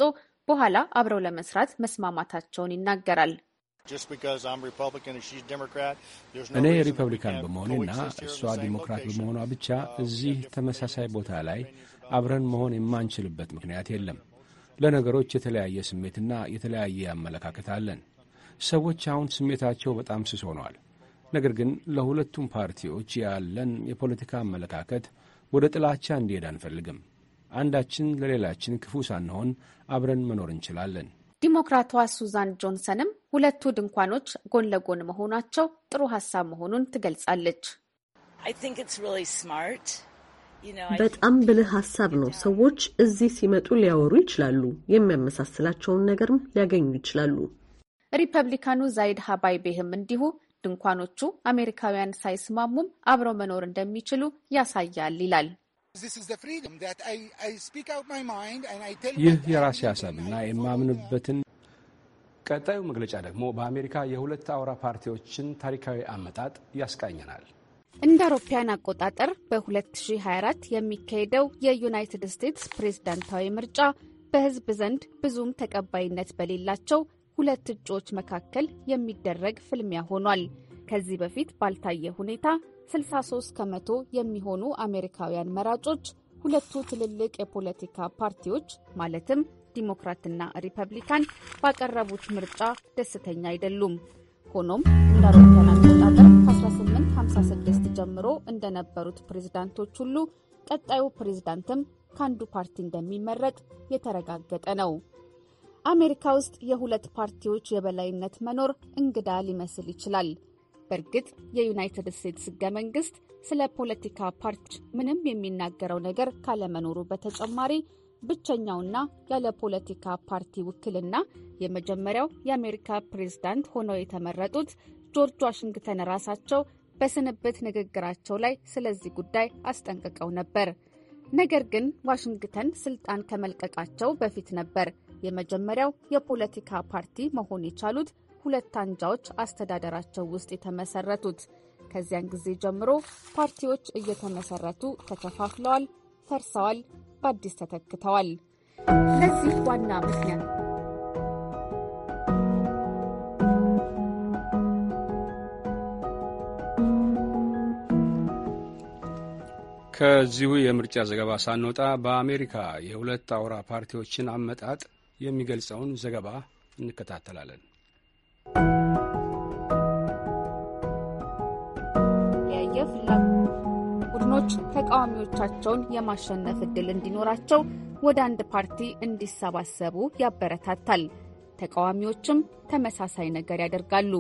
በኋላ አብረው ለመስራት መስማማታቸውን ይናገራል። እኔ ሪፐብሊካን በመሆኔና እሷ ዲሞክራት በመሆኗ ብቻ እዚህ ተመሳሳይ ቦታ ላይ አብረን መሆን የማንችልበት ምክንያት የለም። ለነገሮች የተለያየ ስሜትና የተለያየ አመለካከት አለን። ሰዎች አሁን ስሜታቸው በጣም ስስ ሆኗል። ነገር ግን ለሁለቱም ፓርቲዎች ያለን የፖለቲካ አመለካከት ወደ ጥላቻ እንዲሄድ አንፈልግም። አንዳችን ለሌላችን ክፉ ሳንሆን አብረን መኖር እንችላለን። ዲሞክራቷ ሱዛን ጆንሰንም ሁለቱ ድንኳኖች ጎን ለጎን መሆናቸው ጥሩ ሀሳብ መሆኑን ትገልጻለች። በጣም ብልህ ሀሳብ ነው። ሰዎች እዚህ ሲመጡ ሊያወሩ ይችላሉ፣ የሚያመሳስላቸውን ነገርም ሊያገኙ ይችላሉ። ሪፐብሊካኑ ዛይድ ሀባይቤህም እንዲሁ ድንኳኖቹ አሜሪካውያን ሳይስማሙም አብረው መኖር እንደሚችሉ ያሳያል ይላል። ይህ የራሴ ሀሳብና የማምንበትን። ቀጣዩ መግለጫ ደግሞ በአሜሪካ የሁለት አውራ ፓርቲዎችን ታሪካዊ አመጣጥ ያስቃኘናል። እንደ አውሮፓውያን አቆጣጠር በ2024 የሚካሄደው የዩናይትድ ስቴትስ ፕሬዝዳንታዊ ምርጫ በህዝብ ዘንድ ብዙም ተቀባይነት በሌላቸው ሁለት እጩዎች መካከል የሚደረግ ፍልሚያ ሆኗል። ከዚህ በፊት ባልታየ ሁኔታ 63 ከመቶ የሚሆኑ አሜሪካውያን መራጮች ሁለቱ ትልልቅ የፖለቲካ ፓርቲዎች ማለትም ዲሞክራትና ሪፐብሊካን ባቀረቡት ምርጫ ደስተኛ አይደሉም። ሆኖም እንደ አውሮፓውያን አቆጣጠር ከ1856 ጀምሮ እንደነበሩት ፕሬዝዳንቶች ሁሉ ቀጣዩ ፕሬዝዳንትም ከአንዱ ፓርቲ እንደሚመረጥ የተረጋገጠ ነው። አሜሪካ ውስጥ የሁለት ፓርቲዎች የበላይነት መኖር እንግዳ ሊመስል ይችላል። በእርግጥ የዩናይትድ ስቴትስ ህገ መንግስት ስለ ፖለቲካ ፓርቲ ምንም የሚናገረው ነገር ካለመኖሩ በተጨማሪ ብቸኛውና ያለ ፖለቲካ ፓርቲ ውክልና የመጀመሪያው የአሜሪካ ፕሬዝዳንት ሆነው የተመረጡት ጆርጅ ዋሽንግተን ራሳቸው በስንብት ንግግራቸው ላይ ስለዚህ ጉዳይ አስጠንቅቀው ነበር። ነገር ግን ዋሽንግተን ስልጣን ከመልቀቃቸው በፊት ነበር የመጀመሪያው የፖለቲካ ፓርቲ መሆን የቻሉት ሁለት አንጃዎች አስተዳደራቸው ውስጥ የተመሰረቱት። ከዚያን ጊዜ ጀምሮ ፓርቲዎች እየተመሰረቱ ተከፋፍለዋል፣ ፈርሰዋል፣ በአዲስ ተተክተዋል። ለዚህ ዋና ምክንያት ከዚሁ የምርጫ ዘገባ ሳንወጣ በአሜሪካ የሁለት አውራ ፓርቲዎችን አመጣጥ የሚገልጸውን ዘገባ እንከታተላለን። ቡድኖች ተቃዋሚዎቻቸውን የማሸነፍ እድል እንዲኖራቸው ወደ አንድ ፓርቲ እንዲሰባሰቡ ያበረታታል። ተቃዋሚዎችም ተመሳሳይ ነገር ያደርጋሉ።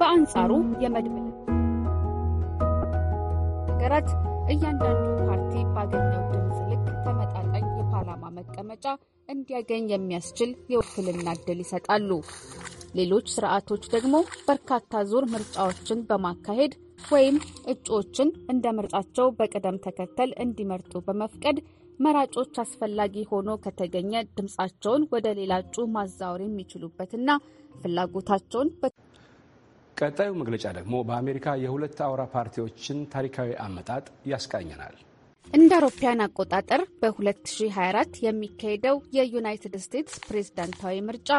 በአንጻሩ የመድብለ ሀገራት እያንዳንዱ ፓርቲ ባገኘው ድምፅ ልክ ተመጣጣኝ የፓርላማ መቀመጫ እንዲያገኝ የሚያስችል የውክልና እድል ይሰጣሉ። ሌሎች ስርዓቶች ደግሞ በርካታ ዙር ምርጫዎችን በማካሄድ ወይም እጩዎችን እንደ ምርጫቸው በቅደም ተከተል እንዲመርጡ በመፍቀድ መራጮች አስፈላጊ ሆኖ ከተገኘ ድምፃቸውን ወደ ሌላ እጩ ማዛወር የሚችሉበትና ፍላጎታቸውን ቀጣዩ መግለጫ ደግሞ በአሜሪካ የሁለት አውራ ፓርቲዎችን ታሪካዊ አመጣጥ ያስቃኘናል። እንደ አውሮፓውያን አቆጣጠር በ2024 የሚካሄደው የዩናይትድ ስቴትስ ፕሬዝዳንታዊ ምርጫ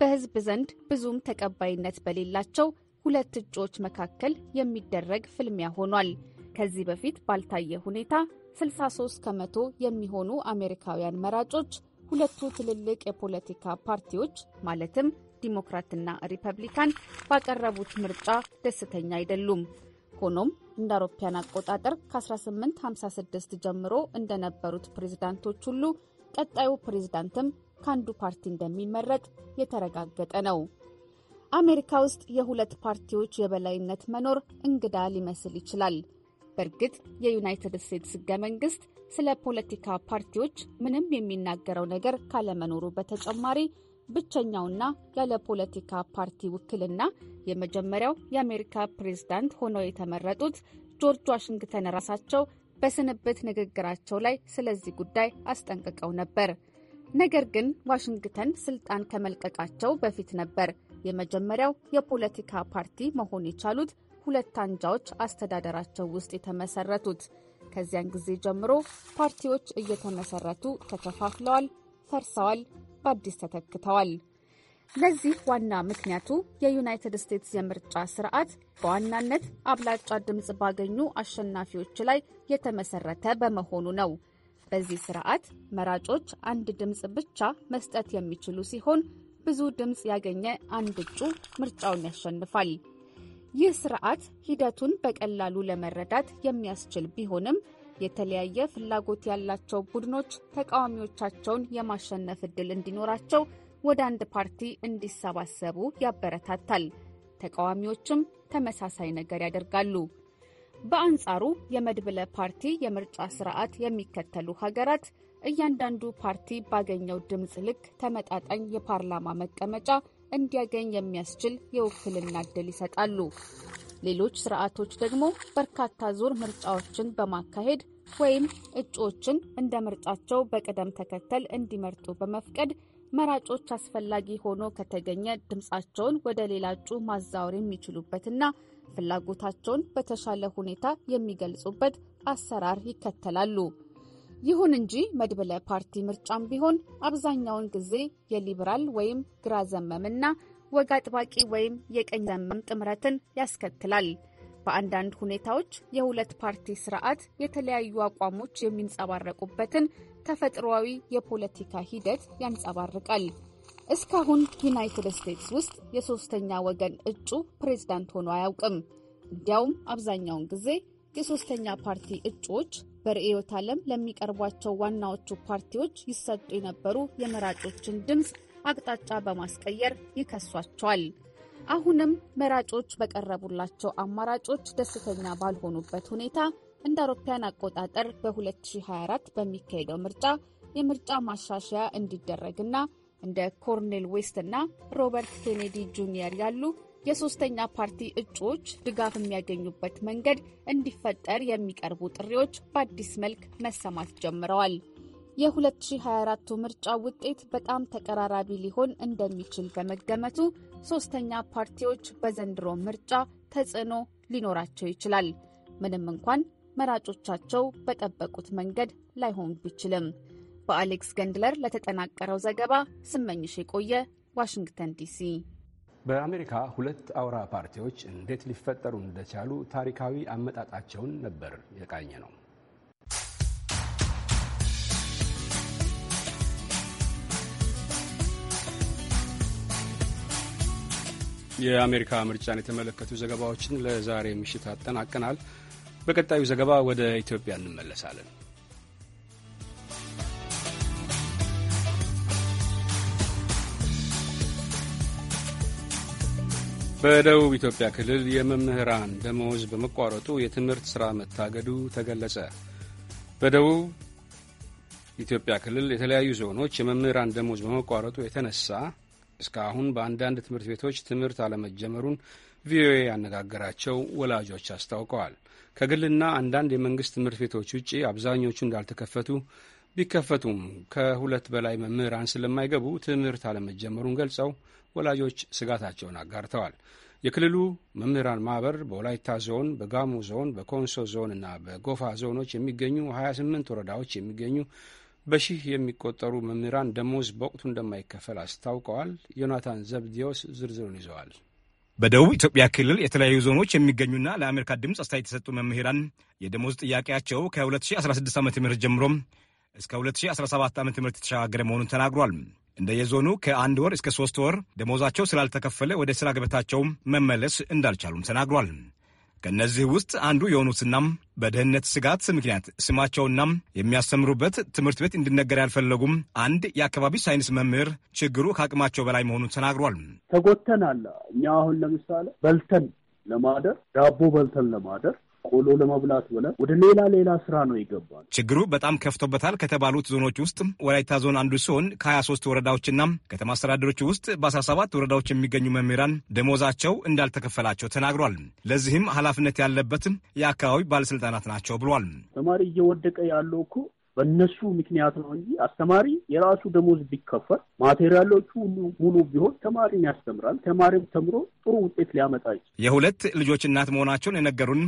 በሕዝብ ዘንድ ብዙም ተቀባይነት በሌላቸው ሁለት እጩዎች መካከል የሚደረግ ፍልሚያ ሆኗል። ከዚህ በፊት ባልታየ ሁኔታ 63 ከመቶ የሚሆኑ አሜሪካውያን መራጮች ሁለቱ ትልልቅ የፖለቲካ ፓርቲዎች ማለትም ዲሞክራትና ሪፐብሊካን ባቀረቡት ምርጫ ደስተኛ አይደሉም። ሆኖም እንደ አውሮፓያን አቆጣጠር ከ1856 ጀምሮ እንደነበሩት ፕሬዝዳንቶች ሁሉ ቀጣዩ ፕሬዝዳንትም ከአንዱ ፓርቲ እንደሚመረጥ የተረጋገጠ ነው። አሜሪካ ውስጥ የሁለት ፓርቲዎች የበላይነት መኖር እንግዳ ሊመስል ይችላል። በእርግጥ የዩናይትድ ስቴትስ ህገ መንግስት ስለ ፖለቲካ ፓርቲዎች ምንም የሚናገረው ነገር ካለመኖሩ በተጨማሪ ብቸኛውና ያለ ፖለቲካ ፓርቲ ውክልና የመጀመሪያው የአሜሪካ ፕሬዝዳንት ሆነው የተመረጡት ጆርጅ ዋሽንግተን ራሳቸው በስንብት ንግግራቸው ላይ ስለዚህ ጉዳይ አስጠንቅቀው ነበር። ነገር ግን ዋሽንግተን ስልጣን ከመልቀቃቸው በፊት ነበር የመጀመሪያው የፖለቲካ ፓርቲ መሆን የቻሉት ሁለት አንጃዎች አስተዳደራቸው ውስጥ የተመሰረቱት። ከዚያን ጊዜ ጀምሮ ፓርቲዎች እየተመሰረቱ ተከፋፍለዋል፣ ፈርሰዋል፣ በአዲስ ተተክተዋል። ለዚህ ዋና ምክንያቱ የዩናይትድ ስቴትስ የምርጫ ስርዓት በዋናነት አብላጫ ድምፅ ባገኙ አሸናፊዎች ላይ የተመሰረተ በመሆኑ ነው። በዚህ ስርዓት መራጮች አንድ ድምፅ ብቻ መስጠት የሚችሉ ሲሆን ብዙ ድምፅ ያገኘ አንድ እጩ ምርጫውን ያሸንፋል። ይህ ስርዓት ሂደቱን በቀላሉ ለመረዳት የሚያስችል ቢሆንም የተለያየ ፍላጎት ያላቸው ቡድኖች ተቃዋሚዎቻቸውን የማሸነፍ እድል እንዲኖራቸው ወደ አንድ ፓርቲ እንዲሰባሰቡ ያበረታታል። ተቃዋሚዎችም ተመሳሳይ ነገር ያደርጋሉ። በአንጻሩ የመድብለ ፓርቲ የምርጫ ስርዓት የሚከተሉ ሀገራት እያንዳንዱ ፓርቲ ባገኘው ድምፅ ልክ ተመጣጣኝ የፓርላማ መቀመጫ እንዲያገኝ የሚያስችል የውክልና እድል ይሰጣሉ። ሌሎች ስርዓቶች ደግሞ በርካታ ዙር ምርጫዎችን በማካሄድ ወይም እጩዎችን እንደ ምርጫቸው በቅደም ተከተል እንዲመርጡ በመፍቀድ መራጮች አስፈላጊ ሆኖ ከተገኘ ድምፃቸውን ወደ ሌላ እጩ ማዛወር የሚችሉበትና ፍላጎታቸውን በተሻለ ሁኔታ የሚገልጹበት አሰራር ይከተላሉ። ይሁን እንጂ መድብለ ፓርቲ ምርጫም ቢሆን አብዛኛውን ጊዜ የሊበራል ወይም ግራ ዘመምና ወግ አጥባቂ ወይም የቀኝ ዘመም ጥምረትን ያስከትላል። በአንዳንድ ሁኔታዎች የሁለት ፓርቲ ስርዓት የተለያዩ አቋሞች የሚንጸባረቁበትን ተፈጥሯዊ የፖለቲካ ሂደት ያንጸባርቃል። እስካሁን ዩናይትድ ስቴትስ ውስጥ የሶስተኛ ወገን እጩ ፕሬዝዳንት ሆኖ አያውቅም። እንዲያውም አብዛኛውን ጊዜ የሶስተኛ ፓርቲ እጩዎች በርዕዮተ ዓለም ለሚቀርቧቸው ዋናዎቹ ፓርቲዎች ይሰጡ የነበሩ የመራጮችን ድምፅ አቅጣጫ በማስቀየር ይከሷቸዋል። አሁንም መራጮች በቀረቡላቸው አማራጮች ደስተኛ ባልሆኑበት ሁኔታ እንደ አውሮፓውያን አቆጣጠር በ2024 በሚካሄደው ምርጫ የምርጫ ማሻሻያ እንዲደረግና እንደ ኮርኔል ዌስት እና ሮበርት ኬኔዲ ጁኒየር ያሉ የሶስተኛ ፓርቲ እጩዎች ድጋፍ የሚያገኙበት መንገድ እንዲፈጠር የሚቀርቡ ጥሪዎች በአዲስ መልክ መሰማት ጀምረዋል። የ2024 ምርጫ ውጤት በጣም ተቀራራቢ ሊሆን እንደሚችል በመገመቱ ሶስተኛ ፓርቲዎች በዘንድሮ ምርጫ ተጽዕኖ ሊኖራቸው ይችላል፣ ምንም እንኳን መራጮቻቸው በጠበቁት መንገድ ላይሆን ቢችልም። በአሌክስ ገንድለር ለተጠናቀረው ዘገባ ስመኝሽ የቆየ ዋሽንግተን ዲሲ። በአሜሪካ ሁለት አውራ ፓርቲዎች እንዴት ሊፈጠሩ እንደቻሉ ታሪካዊ አመጣጣቸውን ነበር የቃኘ ነው። የአሜሪካ ምርጫን የተመለከቱ ዘገባዎችን ለዛሬ ምሽት አጠናቀናል። በቀጣዩ ዘገባ ወደ ኢትዮጵያ እንመለሳለን። በደቡብ ኢትዮጵያ ክልል የመምህራን ደመወዝ በመቋረጡ የትምህርት ሥራ መታገዱ ተገለጸ። በደቡብ ኢትዮጵያ ክልል የተለያዩ ዞኖች የመምህራን ደመወዝ በመቋረጡ የተነሳ እስካሁን በአንዳንድ ትምህርት ቤቶች ትምህርት አለመጀመሩን ቪኦኤ ያነጋገራቸው ወላጆች አስታውቀዋል። ከግልና አንዳንድ የመንግስት ትምህርት ቤቶች ውጪ አብዛኞቹ እንዳልተከፈቱ ቢከፈቱም ከሁለት በላይ መምህራን ስለማይገቡ ትምህርት አለመጀመሩን ገልጸው ወላጆች ስጋታቸውን አጋርተዋል። የክልሉ መምህራን ማህበር በወላይታ ዞን፣ በጋሞ ዞን፣ በኮንሶ ዞን እና በጎፋ ዞኖች የሚገኙ 28 ወረዳዎች የሚገኙ በሺህ የሚቆጠሩ መምህራን ደሞዝ በወቅቱ እንደማይከፈል አስታውቀዋል። ዮናታን ዘብዲዮስ ዝርዝሩን ይዘዋል። በደቡብ ኢትዮጵያ ክልል የተለያዩ ዞኖች የሚገኙና ለአሜሪካ ድምፅ አስተያየት የተሰጡ መምህራን የደሞዝ ጥያቄያቸው ከ2016 ዓ ም ጀምሮ እስከ 2017 ዓ ም የተሸጋገረ መሆኑን ተናግሯል። እንደየዞኑ ከአንድ ወር እስከ ሶስት ወር ደሞዛቸው ስላልተከፈለ ወደ ስራ ገበታቸው መመለስ እንዳልቻሉም ተናግሯል። ከእነዚህ ውስጥ አንዱ የሆኑትና በደህንነት ስጋት ምክንያት ስማቸውና የሚያስተምሩበት ትምህርት ቤት እንዲነገር ያልፈለጉም አንድ የአካባቢ ሳይንስ መምህር ችግሩ ከአቅማቸው በላይ መሆኑን ተናግሯል። ተጎተናል። እኛ አሁን ለምሳሌ በልተን ለማደር ዳቦ በልተን ለማደር ቆሎ ለመብላት ብለ ወደ ሌላ ሌላ ስራ ነው ይገባል። ችግሩ በጣም ከፍቶበታል ከተባሉት ዞኖች ውስጥ ወላይታ ዞን አንዱ ሲሆን ከ23 ወረዳዎችና ከተማ አስተዳደሮች ውስጥ በ17 ወረዳዎች የሚገኙ መምህራን ደሞዛቸው እንዳልተከፈላቸው ተናግሯል። ለዚህም ኃላፊነት ያለበት የአካባቢ ባለስልጣናት ናቸው ብሏል። ተማሪ እየወደቀ ያለው እኮ በእነሱ ምክንያት ነው እንጂ አስተማሪ የራሱ ደሞዝ ቢከፈል ማቴሪያሎቹ ሁሉ ሙሉ ቢሆን ተማሪን ያስተምራል። ተማሪም ተምሮ ጥሩ ውጤት ሊያመጣ ይችላል። የሁለት ልጆች እናት መሆናቸውን የነገሩን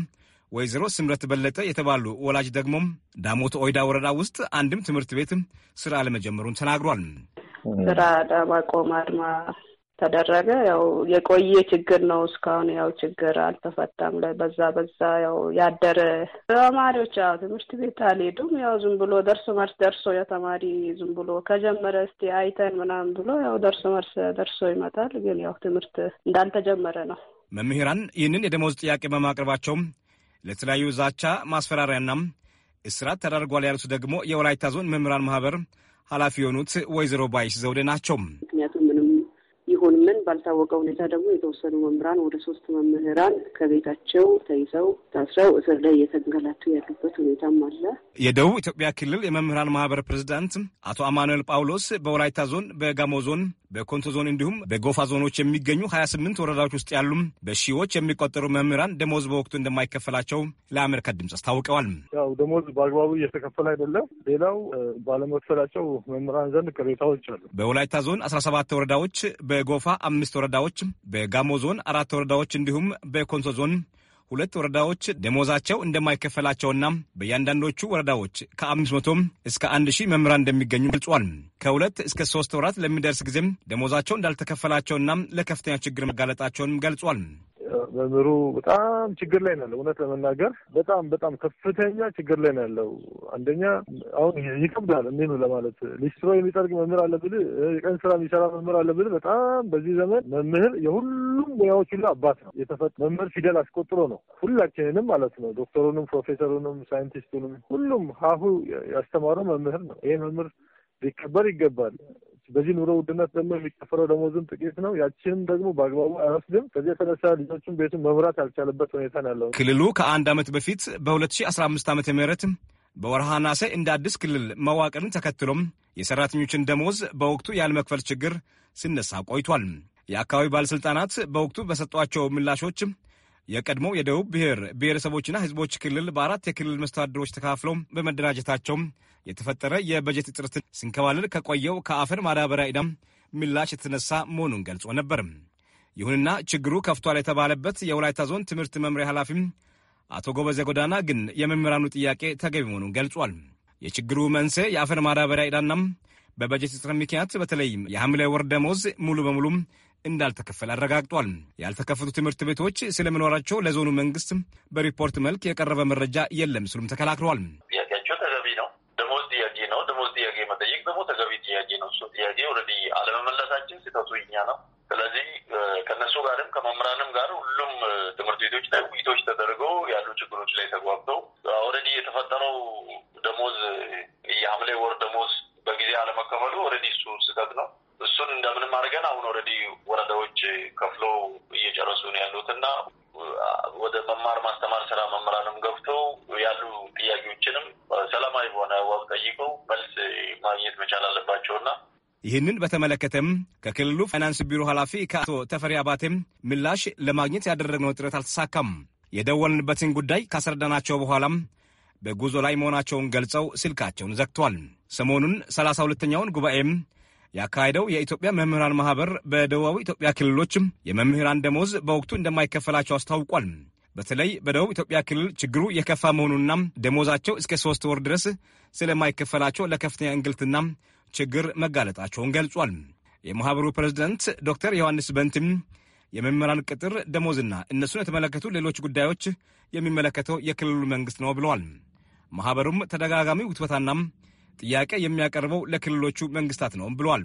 ወይዘሮ ስምረት በለጠ የተባሉ ወላጅ ደግሞም ዳሞት ኦይዳ ወረዳ ውስጥ አንድም ትምህርት ቤት ስራ አለመጀመሩን ተናግሯል። ስራ ማቆም አድማ ተደረገ። ያው የቆየ ችግር ነው። እስካሁን ያው ችግር አልተፈታም። በዛ በዛ ያው ያደረ ተማሪዎች ያው ትምህርት ቤት አልሄዱም። ያው ዝም ብሎ ደርሶ መርስ ደርሶ የተማሪ ዝም ብሎ ከጀመረ እስቲ አይተን ምናምን ብሎ ያው ደርሶ መርስ ደርሶ ይመጣል። ግን ያው ትምህርት እንዳልተጀመረ ነው። መምህራን ይህንን የደመወዝ ጥያቄ በማቅረባቸውም ለተለያዩ ዛቻ ማስፈራሪያና እስራት ተዳርጓል ያሉት ደግሞ የወላይታ ዞን መምህራን ማህበር ኃላፊ የሆኑት ወይዘሮ ባይሽ ዘውዴ ናቸው። በምን ባልታወቀ ሁኔታ ደግሞ የተወሰኑ መምህራን ወደ ሶስት መምህራን ከቤታቸው ተይዘው ታስረው እስር ላይ እየተንገላቱ ያሉበት ሁኔታም አለ። የደቡብ ኢትዮጵያ ክልል የመምህራን ማህበር ፕሬዚዳንት አቶ አማኑኤል ጳውሎስ በወላይታ ዞን፣ በጋሞ ዞን፣ በኮንቶ ዞን እንዲሁም በጎፋ ዞኖች የሚገኙ 28 ወረዳዎች ውስጥ ያሉ በሺዎች የሚቆጠሩ መምህራን ደሞዝ በወቅቱ እንደማይከፈላቸው ለአሜሪካ ድምፅ አስታውቀዋል። ያው ደሞዝ በአግባቡ እየተከፈለ አይደለም። ሌላው ባለመክፈላቸው መምህራን ዘንድ ቅሬታዎች አሉ። በወላይታ ዞን 17 ወረዳዎች፣ በጎፋ አምስት ወረዳዎች፣ በጋሞ ዞን አራት ወረዳዎች እንዲሁም በኮንሶ ዞን ሁለት ወረዳዎች ደሞዛቸው እንደማይከፈላቸውና በእያንዳንዶቹ ወረዳዎች ከ500 እስከ 1000 መምህራን እንደሚገኙ ገልጿል። ከሁለት እስከ ሶስት ወራት ለሚደርስ ጊዜም ደሞዛቸው እንዳልተከፈላቸውና ለከፍተኛ ችግር መጋለጣቸውንም ገልጿል። መምህሩ በጣም ችግር ላይ ነው ያለው። እውነት ለመናገር በጣም በጣም ከፍተኛ ችግር ላይ ነው ያለው። አንደኛ አሁን ይከብዳል እንዲህ ነው ለማለት ሊስትሮ የሚጠርግ መምህር አለ ብልህ፣ የቀን ስራ የሚሰራ መምህር አለ ብልህ። በጣም በዚህ ዘመን መምህር የሁሉም ሙያዎች ሁሉ አባት ነው የተፈ መምህር ፊደል አስቆጥሮ ነው ሁላችንንም ማለት ነው ዶክተሩንም፣ ፕሮፌሰሩንም፣ ሳይንቲስቱንም ሁሉም ሀሁ ያስተማረው መምህር ነው። ይሄ መምህር ሊከበር ይገባል። በዚህ ኑሮ ውድነት ደግሞ የሚከፈለው ደሞዝም ጥቂት ነው። ያችንም ደግሞ በአግባቡ አይወስድም። ከዚህ የተነሳ ልጆቹን ቤቱን መምራት ያልቻለበት ሁኔታ ነው ያለው። ክልሉ ከአንድ ዓመት በፊት በ2015 ዓመተ ምህረት በወርሃ ነሐሴ እንደ አዲስ ክልል መዋቅርን ተከትሎም የሰራተኞችን ደሞዝ በወቅቱ ያለመክፈል ችግር ሲነሳ ቆይቷል። የአካባቢው ባለሥልጣናት በወቅቱ በሰጧቸው ምላሾች የቀድሞ የደቡብ ብሔር ብሔረሰቦችና ህዝቦች ክልል በአራት የክልል መስተዳድሮች ተካፍለው በመደራጀታቸው የተፈጠረ የበጀት እጥረትን ስንከባለል ከቆየው ከአፈር ማዳበሪያ ዕዳም ምላሽ የተነሳ መሆኑን ገልጾ ነበር። ይሁንና ችግሩ ከፍቷል የተባለበት የወላይታ ዞን ትምህርት መምሪያ ኃላፊም አቶ ጎበዘ ጎዳና ግን የመምህራኑ ጥያቄ ተገቢ መሆኑን ገልጿል። የችግሩ መንስኤ የአፈር ማዳበሪያ ዕዳናም በበጀት እጥረት ምክንያት በተለይም የሐምሌ ወር ደሞዝ ሙሉ በሙሉም እንዳልተከፈለ አረጋግጧል። ያልተከፈቱ ትምህርት ቤቶች ስለመኖራቸው ለዞኑ መንግስት በሪፖርት መልክ የቀረበ መረጃ የለም ሲሉም ተከላክሏል። ጥያቄያቸው ተገቢ ነው። ደሞዝ ጥያቄ ነው። ደሞዝ ጥያቄ መጠየቅ ደግሞ ተገቢ ጥያቄ ነው። እሱ ጥያቄ ወረዲ አለመመለሳችን ስህተቱ እኛ ነው። ስለዚህ ከነሱ ጋርም ከመምህራንም ጋር ሁሉም ትምህርት ቤቶች ላይ ውይይቶች ተደርገው ያሉ ችግሮች ላይ ተጓብተው ኦልሬዲ የተፈጠረው ደሞዝ የሐምሌ ወር ደሞዝ በጊዜ አለመከፈሉ ኦልሬዲ እሱ ስህተት ነው። እሱን እንደምንም አድርገን አሁን ኦልሬዲ ወረዳዎች ከፍሎ እየጨረሱ ነው ያሉት እና ወደ መማር ማስተማር ስራ መምህራንም ገብተው ያሉ ጥያቄዎችንም ሰላማዊ በሆነ ዋብ ጠይቀው መልስ ማግኘት መቻል አለባቸውና ይህንን በተመለከተም ከክልሉ ፋይናንስ ቢሮ ኃላፊ ከአቶ ተፈሪ አባቴም ምላሽ ለማግኘት ያደረግነው ጥረት አልተሳካም። የደወልንበትን ጉዳይ ካስረዳናቸው በኋላም በጉዞ ላይ መሆናቸውን ገልጸው ስልካቸውን ዘግቷል። ሰሞኑን ሰላሳ ሁለተኛውን ጉባኤም ያካሄደው የኢትዮጵያ መምህራን ማህበር በደቡባዊ ኢትዮጵያ ክልሎች የመምህራን ደሞዝ በወቅቱ እንደማይከፈላቸው አስታውቋል። በተለይ በደቡብ ኢትዮጵያ ክልል ችግሩ የከፋ መሆኑና ደሞዛቸው እስከ ሶስት ወር ድረስ ስለማይከፈላቸው ለከፍተኛ እንግልትና ችግር መጋለጣቸውን ገልጿል። የማህበሩ ፕሬዝደንት ዶክተር ዮሐንስ በንቲም የመምህራን ቅጥር ደሞዝና እነሱን የተመለከቱ ሌሎች ጉዳዮች የሚመለከተው የክልሉ መንግስት ነው ብለዋል። ማህበሩም ተደጋጋሚ ውትበታናም ጥያቄ የሚያቀርበው ለክልሎቹ መንግስታት ነው ብሏል።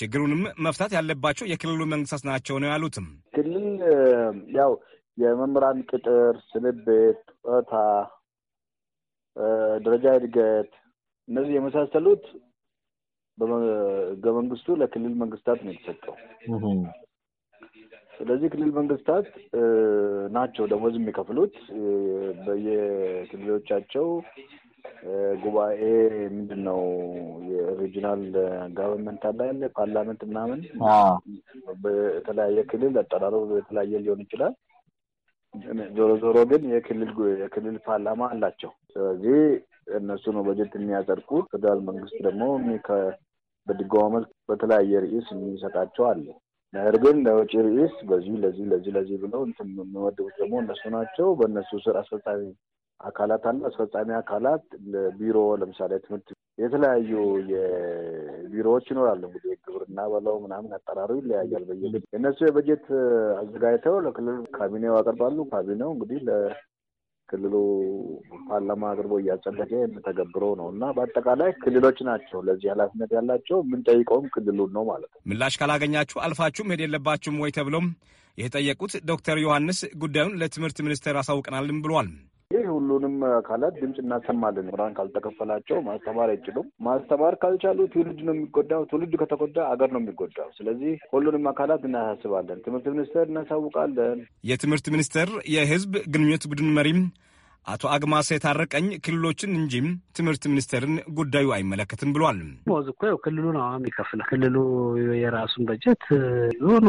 ችግሩንም መፍታት ያለባቸው የክልሉ መንግስታት ናቸው ነው ያሉትም። ክልል ያው የመምህራን ቅጥር፣ ስንብት፣ ጾታ፣ ደረጃ እድገት እነዚህ የመሳሰሉት በህገ መንግስቱ ለክልል መንግስታት ነው የተሰጠው። ስለዚህ ክልል መንግስታት ናቸው ደሞዝ የሚከፍሉት በየክልሎቻቸው ጉባኤ ምንድን ነው የሪጂናል ጋቨርንመንት አለ ያለ ፓርላመንት ምናምን በተለያየ ክልል አጠራሩ የተለያየ ሊሆን ይችላል። ዞሮ ዞሮ ግን የክልል የክልል ፓርላማ አላቸው። ስለዚህ እነሱ ነው በጀት የሚያጸድቁ። ፌደራል መንግስት ደግሞ በድጎማ መልክ በተለያየ ርዕስ የሚሰጣቸው አለ። ነገር ግን ለውጭ ርዕስ በዚህ ለዚህ ለዚህ ለዚህ ብለው እንትን የሚመድቡት ደግሞ እነሱ ናቸው። በእነሱ ስር አስፈጻሚ አካላት አሉ። አስፈጻሚ አካላት ቢሮ፣ ለምሳሌ ትምህርት፣ የተለያዩ የቢሮዎች ይኖራሉ። እንግዲህ ግብርና በለው ምናምን አጠራሩ ይለያያል። በየ እነሱ የበጀት አዘጋጅተው ለክልል ካቢኔው ያቀርባሉ። ካቢኔው እንግዲህ ለክልሉ ፓርላማ አቅርቦ እያጸደቀ የምተገብረው ነው እና በአጠቃላይ ክልሎች ናቸው ለዚህ ኃላፊነት ያላቸው። የምንጠይቀውም ክልሉን ነው ማለት ነው። ምላሽ ካላገኛችሁ አልፋችሁ መሄድ የለባችሁም ወይ ተብሎም የተጠየቁት ዶክተር ዮሐንስ ጉዳዩን ለትምህርት ሚኒስቴር አሳውቀናልም ብሏል። ሁሉንም አካላት ድምፅ እናሰማለን። መምህራን ካልተከፈላቸው ማስተማር አይችሉም። ማስተማር ካልቻሉ ትውልድ ነው የሚጎዳው። ትውልድ ከተጎዳ አገር ነው የሚጎዳው። ስለዚህ ሁሉንም አካላት እናሳስባለን። ትምህርት ሚኒስቴር እናሳውቃለን። የትምህርት ሚኒስቴር የህዝብ ግንኙነት ቡድን መሪም አቶ አግማሰ የታረቀኝ ክልሎችን እንጂም ትምህርት ሚኒስቴርን ጉዳዩ አይመለከትም ብሏል። ቦዝ እኮ ክልሉ ነው የሚከፍለው። ክልሉ የራሱን በጀት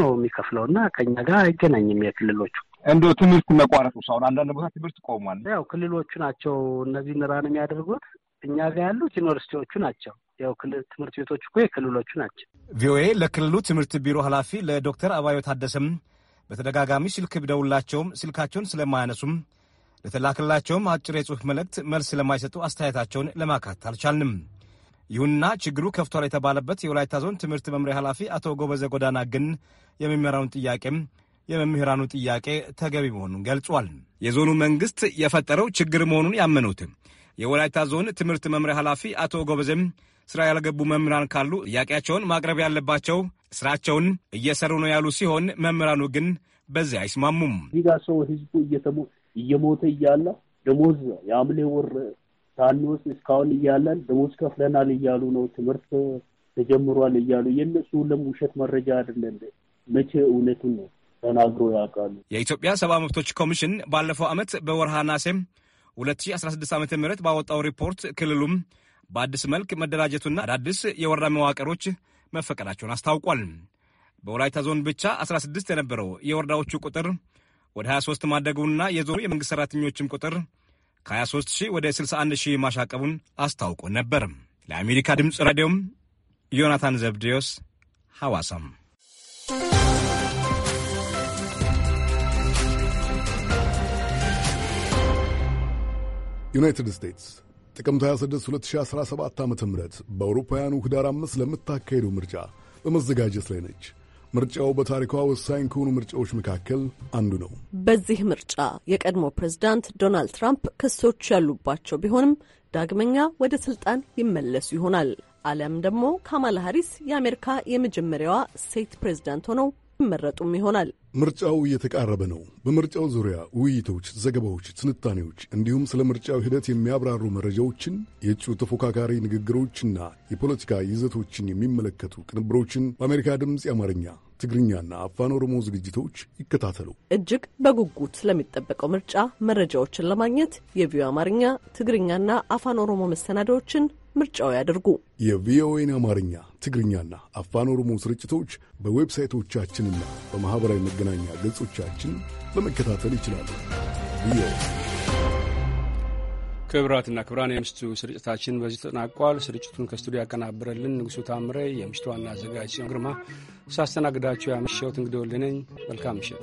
ነው የሚከፍለው እና ከኛ ጋር አይገናኝም የክልሎቹ እንደ ትምህርት መቋረጡ አሁን አንዳንድ ቦታ ትምህርት ቆሟል። ያው ክልሎቹ ናቸው እነዚህ ንራን የሚያደርጉት። እኛ ጋር ያሉት ዩኒቨርሲቲዎቹ ናቸው። ያው ትምህርት ቤቶች እኮ የክልሎቹ ናቸው። ቪኦኤ ለክልሉ ትምህርት ቢሮ ኃላፊ ለዶክተር አባዮ ታደሰም በተደጋጋሚ ስልክ ብደውላቸውም ስልካቸውን ስለማያነሱም ለተላክላቸውም አጭር የጽሑፍ መልእክት መልስ ስለማይሰጡ አስተያየታቸውን ለማካት አልቻልንም። ይሁንና ችግሩ ከፍቷል የተባለበት የወላይታ ዞን ትምህርት መምሪያ ኃላፊ አቶ ጎበዘ ጎዳና ግን የሚመራውን ጥያቄም የመምህራኑ ጥያቄ ተገቢ መሆኑን ገልጿል። የዞኑ መንግስት የፈጠረው ችግር መሆኑን ያመኑት የወላይታ ዞን ትምህርት መምሪያ ኃላፊ አቶ ጎበዝም ስራ ያልገቡ መምህራን ካሉ ጥያቄያቸውን ማቅረብ ያለባቸው ስራቸውን እየሰሩ ነው ያሉ ሲሆን መምህራኑ ግን በዚህ አይስማሙም። ዚጋ ሰው ህዝቡ እየሞተ እያለ ደሞዝ የአምሌ ወር ሳንወስድ እስካሁን እያለን ደሞዝ ከፍለናል እያሉ ነው። ትምህርት ተጀምሯል እያሉ የእነሱ ሁሉም ውሸት መረጃ አይደለም። መቼ እውነቱን ነው ተናግሮ ያውቃሉ። የኢትዮጵያ ሰብአዊ መብቶች ኮሚሽን ባለፈው ዓመት በወርሃ ናሴም 2016 ዓ ም ባወጣው ሪፖርት ክልሉም በአዲስ መልክ መደራጀቱና አዳዲስ የወረዳ መዋቅሮች መፈቀዳቸውን አስታውቋል። በወላይታ ዞን ብቻ 16 የነበረው የወረዳዎቹ ቁጥር ወደ 23 ማደጉና የዞኑ የመንግሥት ሠራተኞችም ቁጥር ከ23 ሺህ ወደ 61 ሺህ ማሻቀቡን አስታውቆ ነበር። ለአሜሪካ ድምፅ ራዲዮም ዮናታን ዘብዴዎስ ሐዋሳም ዩናይትድ ስቴትስ ጥቅምት 26 2017 ዓ ም በአውሮፓውያኑ ኅዳር 5 ለምታካሄደው ምርጫ በመዘጋጀት ላይ ነች። ምርጫው በታሪኳ ወሳኝ ከሆኑ ምርጫዎች መካከል አንዱ ነው። በዚህ ምርጫ የቀድሞ ፕሬዝዳንት ዶናልድ ትራምፕ ክሶች ያሉባቸው ቢሆንም ዳግመኛ ወደ ስልጣን ይመለሱ ይሆናል አለም ደግሞ ካማላ ሀሪስ የአሜሪካ የመጀመሪያዋ ሴት ፕሬዝዳንት ሆነው ይመረጡም ይሆናል። ምርጫው እየተቃረበ ነው። በምርጫው ዙሪያ ውይይቶች፣ ዘገባዎች፣ ትንታኔዎች እንዲሁም ስለ ምርጫው ሂደት የሚያብራሩ መረጃዎችን የእጩ ተፎካካሪ ንግግሮችና የፖለቲካ ይዘቶችን የሚመለከቱ ቅንብሮችን በአሜሪካ ድምፅ የአማርኛ ትግርኛና አፋን ኦሮሞ ዝግጅቶች ይከታተሉ። እጅግ በጉጉት ስለሚጠበቀው ምርጫ መረጃዎችን ለማግኘት የቪዮ አማርኛ ትግርኛና አፋን ኦሮሞ መሰናዳዎችን ምርጫው ያደርጉ። የቪኦኤን አማርኛ፣ ትግርኛና አፋን ኦሮሞ ስርጭቶች በዌብሳይቶቻችንና በማኅበራዊ መገናኛ ገጾቻችን በመከታተል ይችላሉ። ክብራትና ክብራን የምሽቱ ስርጭታችን በዚህ ተጠናቋል። ስርጭቱን ከስቱዲዮ ያቀናብረልን ንጉሱ ታምሬ፣ የምሽቱ ዋና አዘጋጅ ሲሆን ግርማ፣ ሳስተናግዳችሁ ያመሸሁት እንግዲህ ወልነኝ። መልካም ምሽት።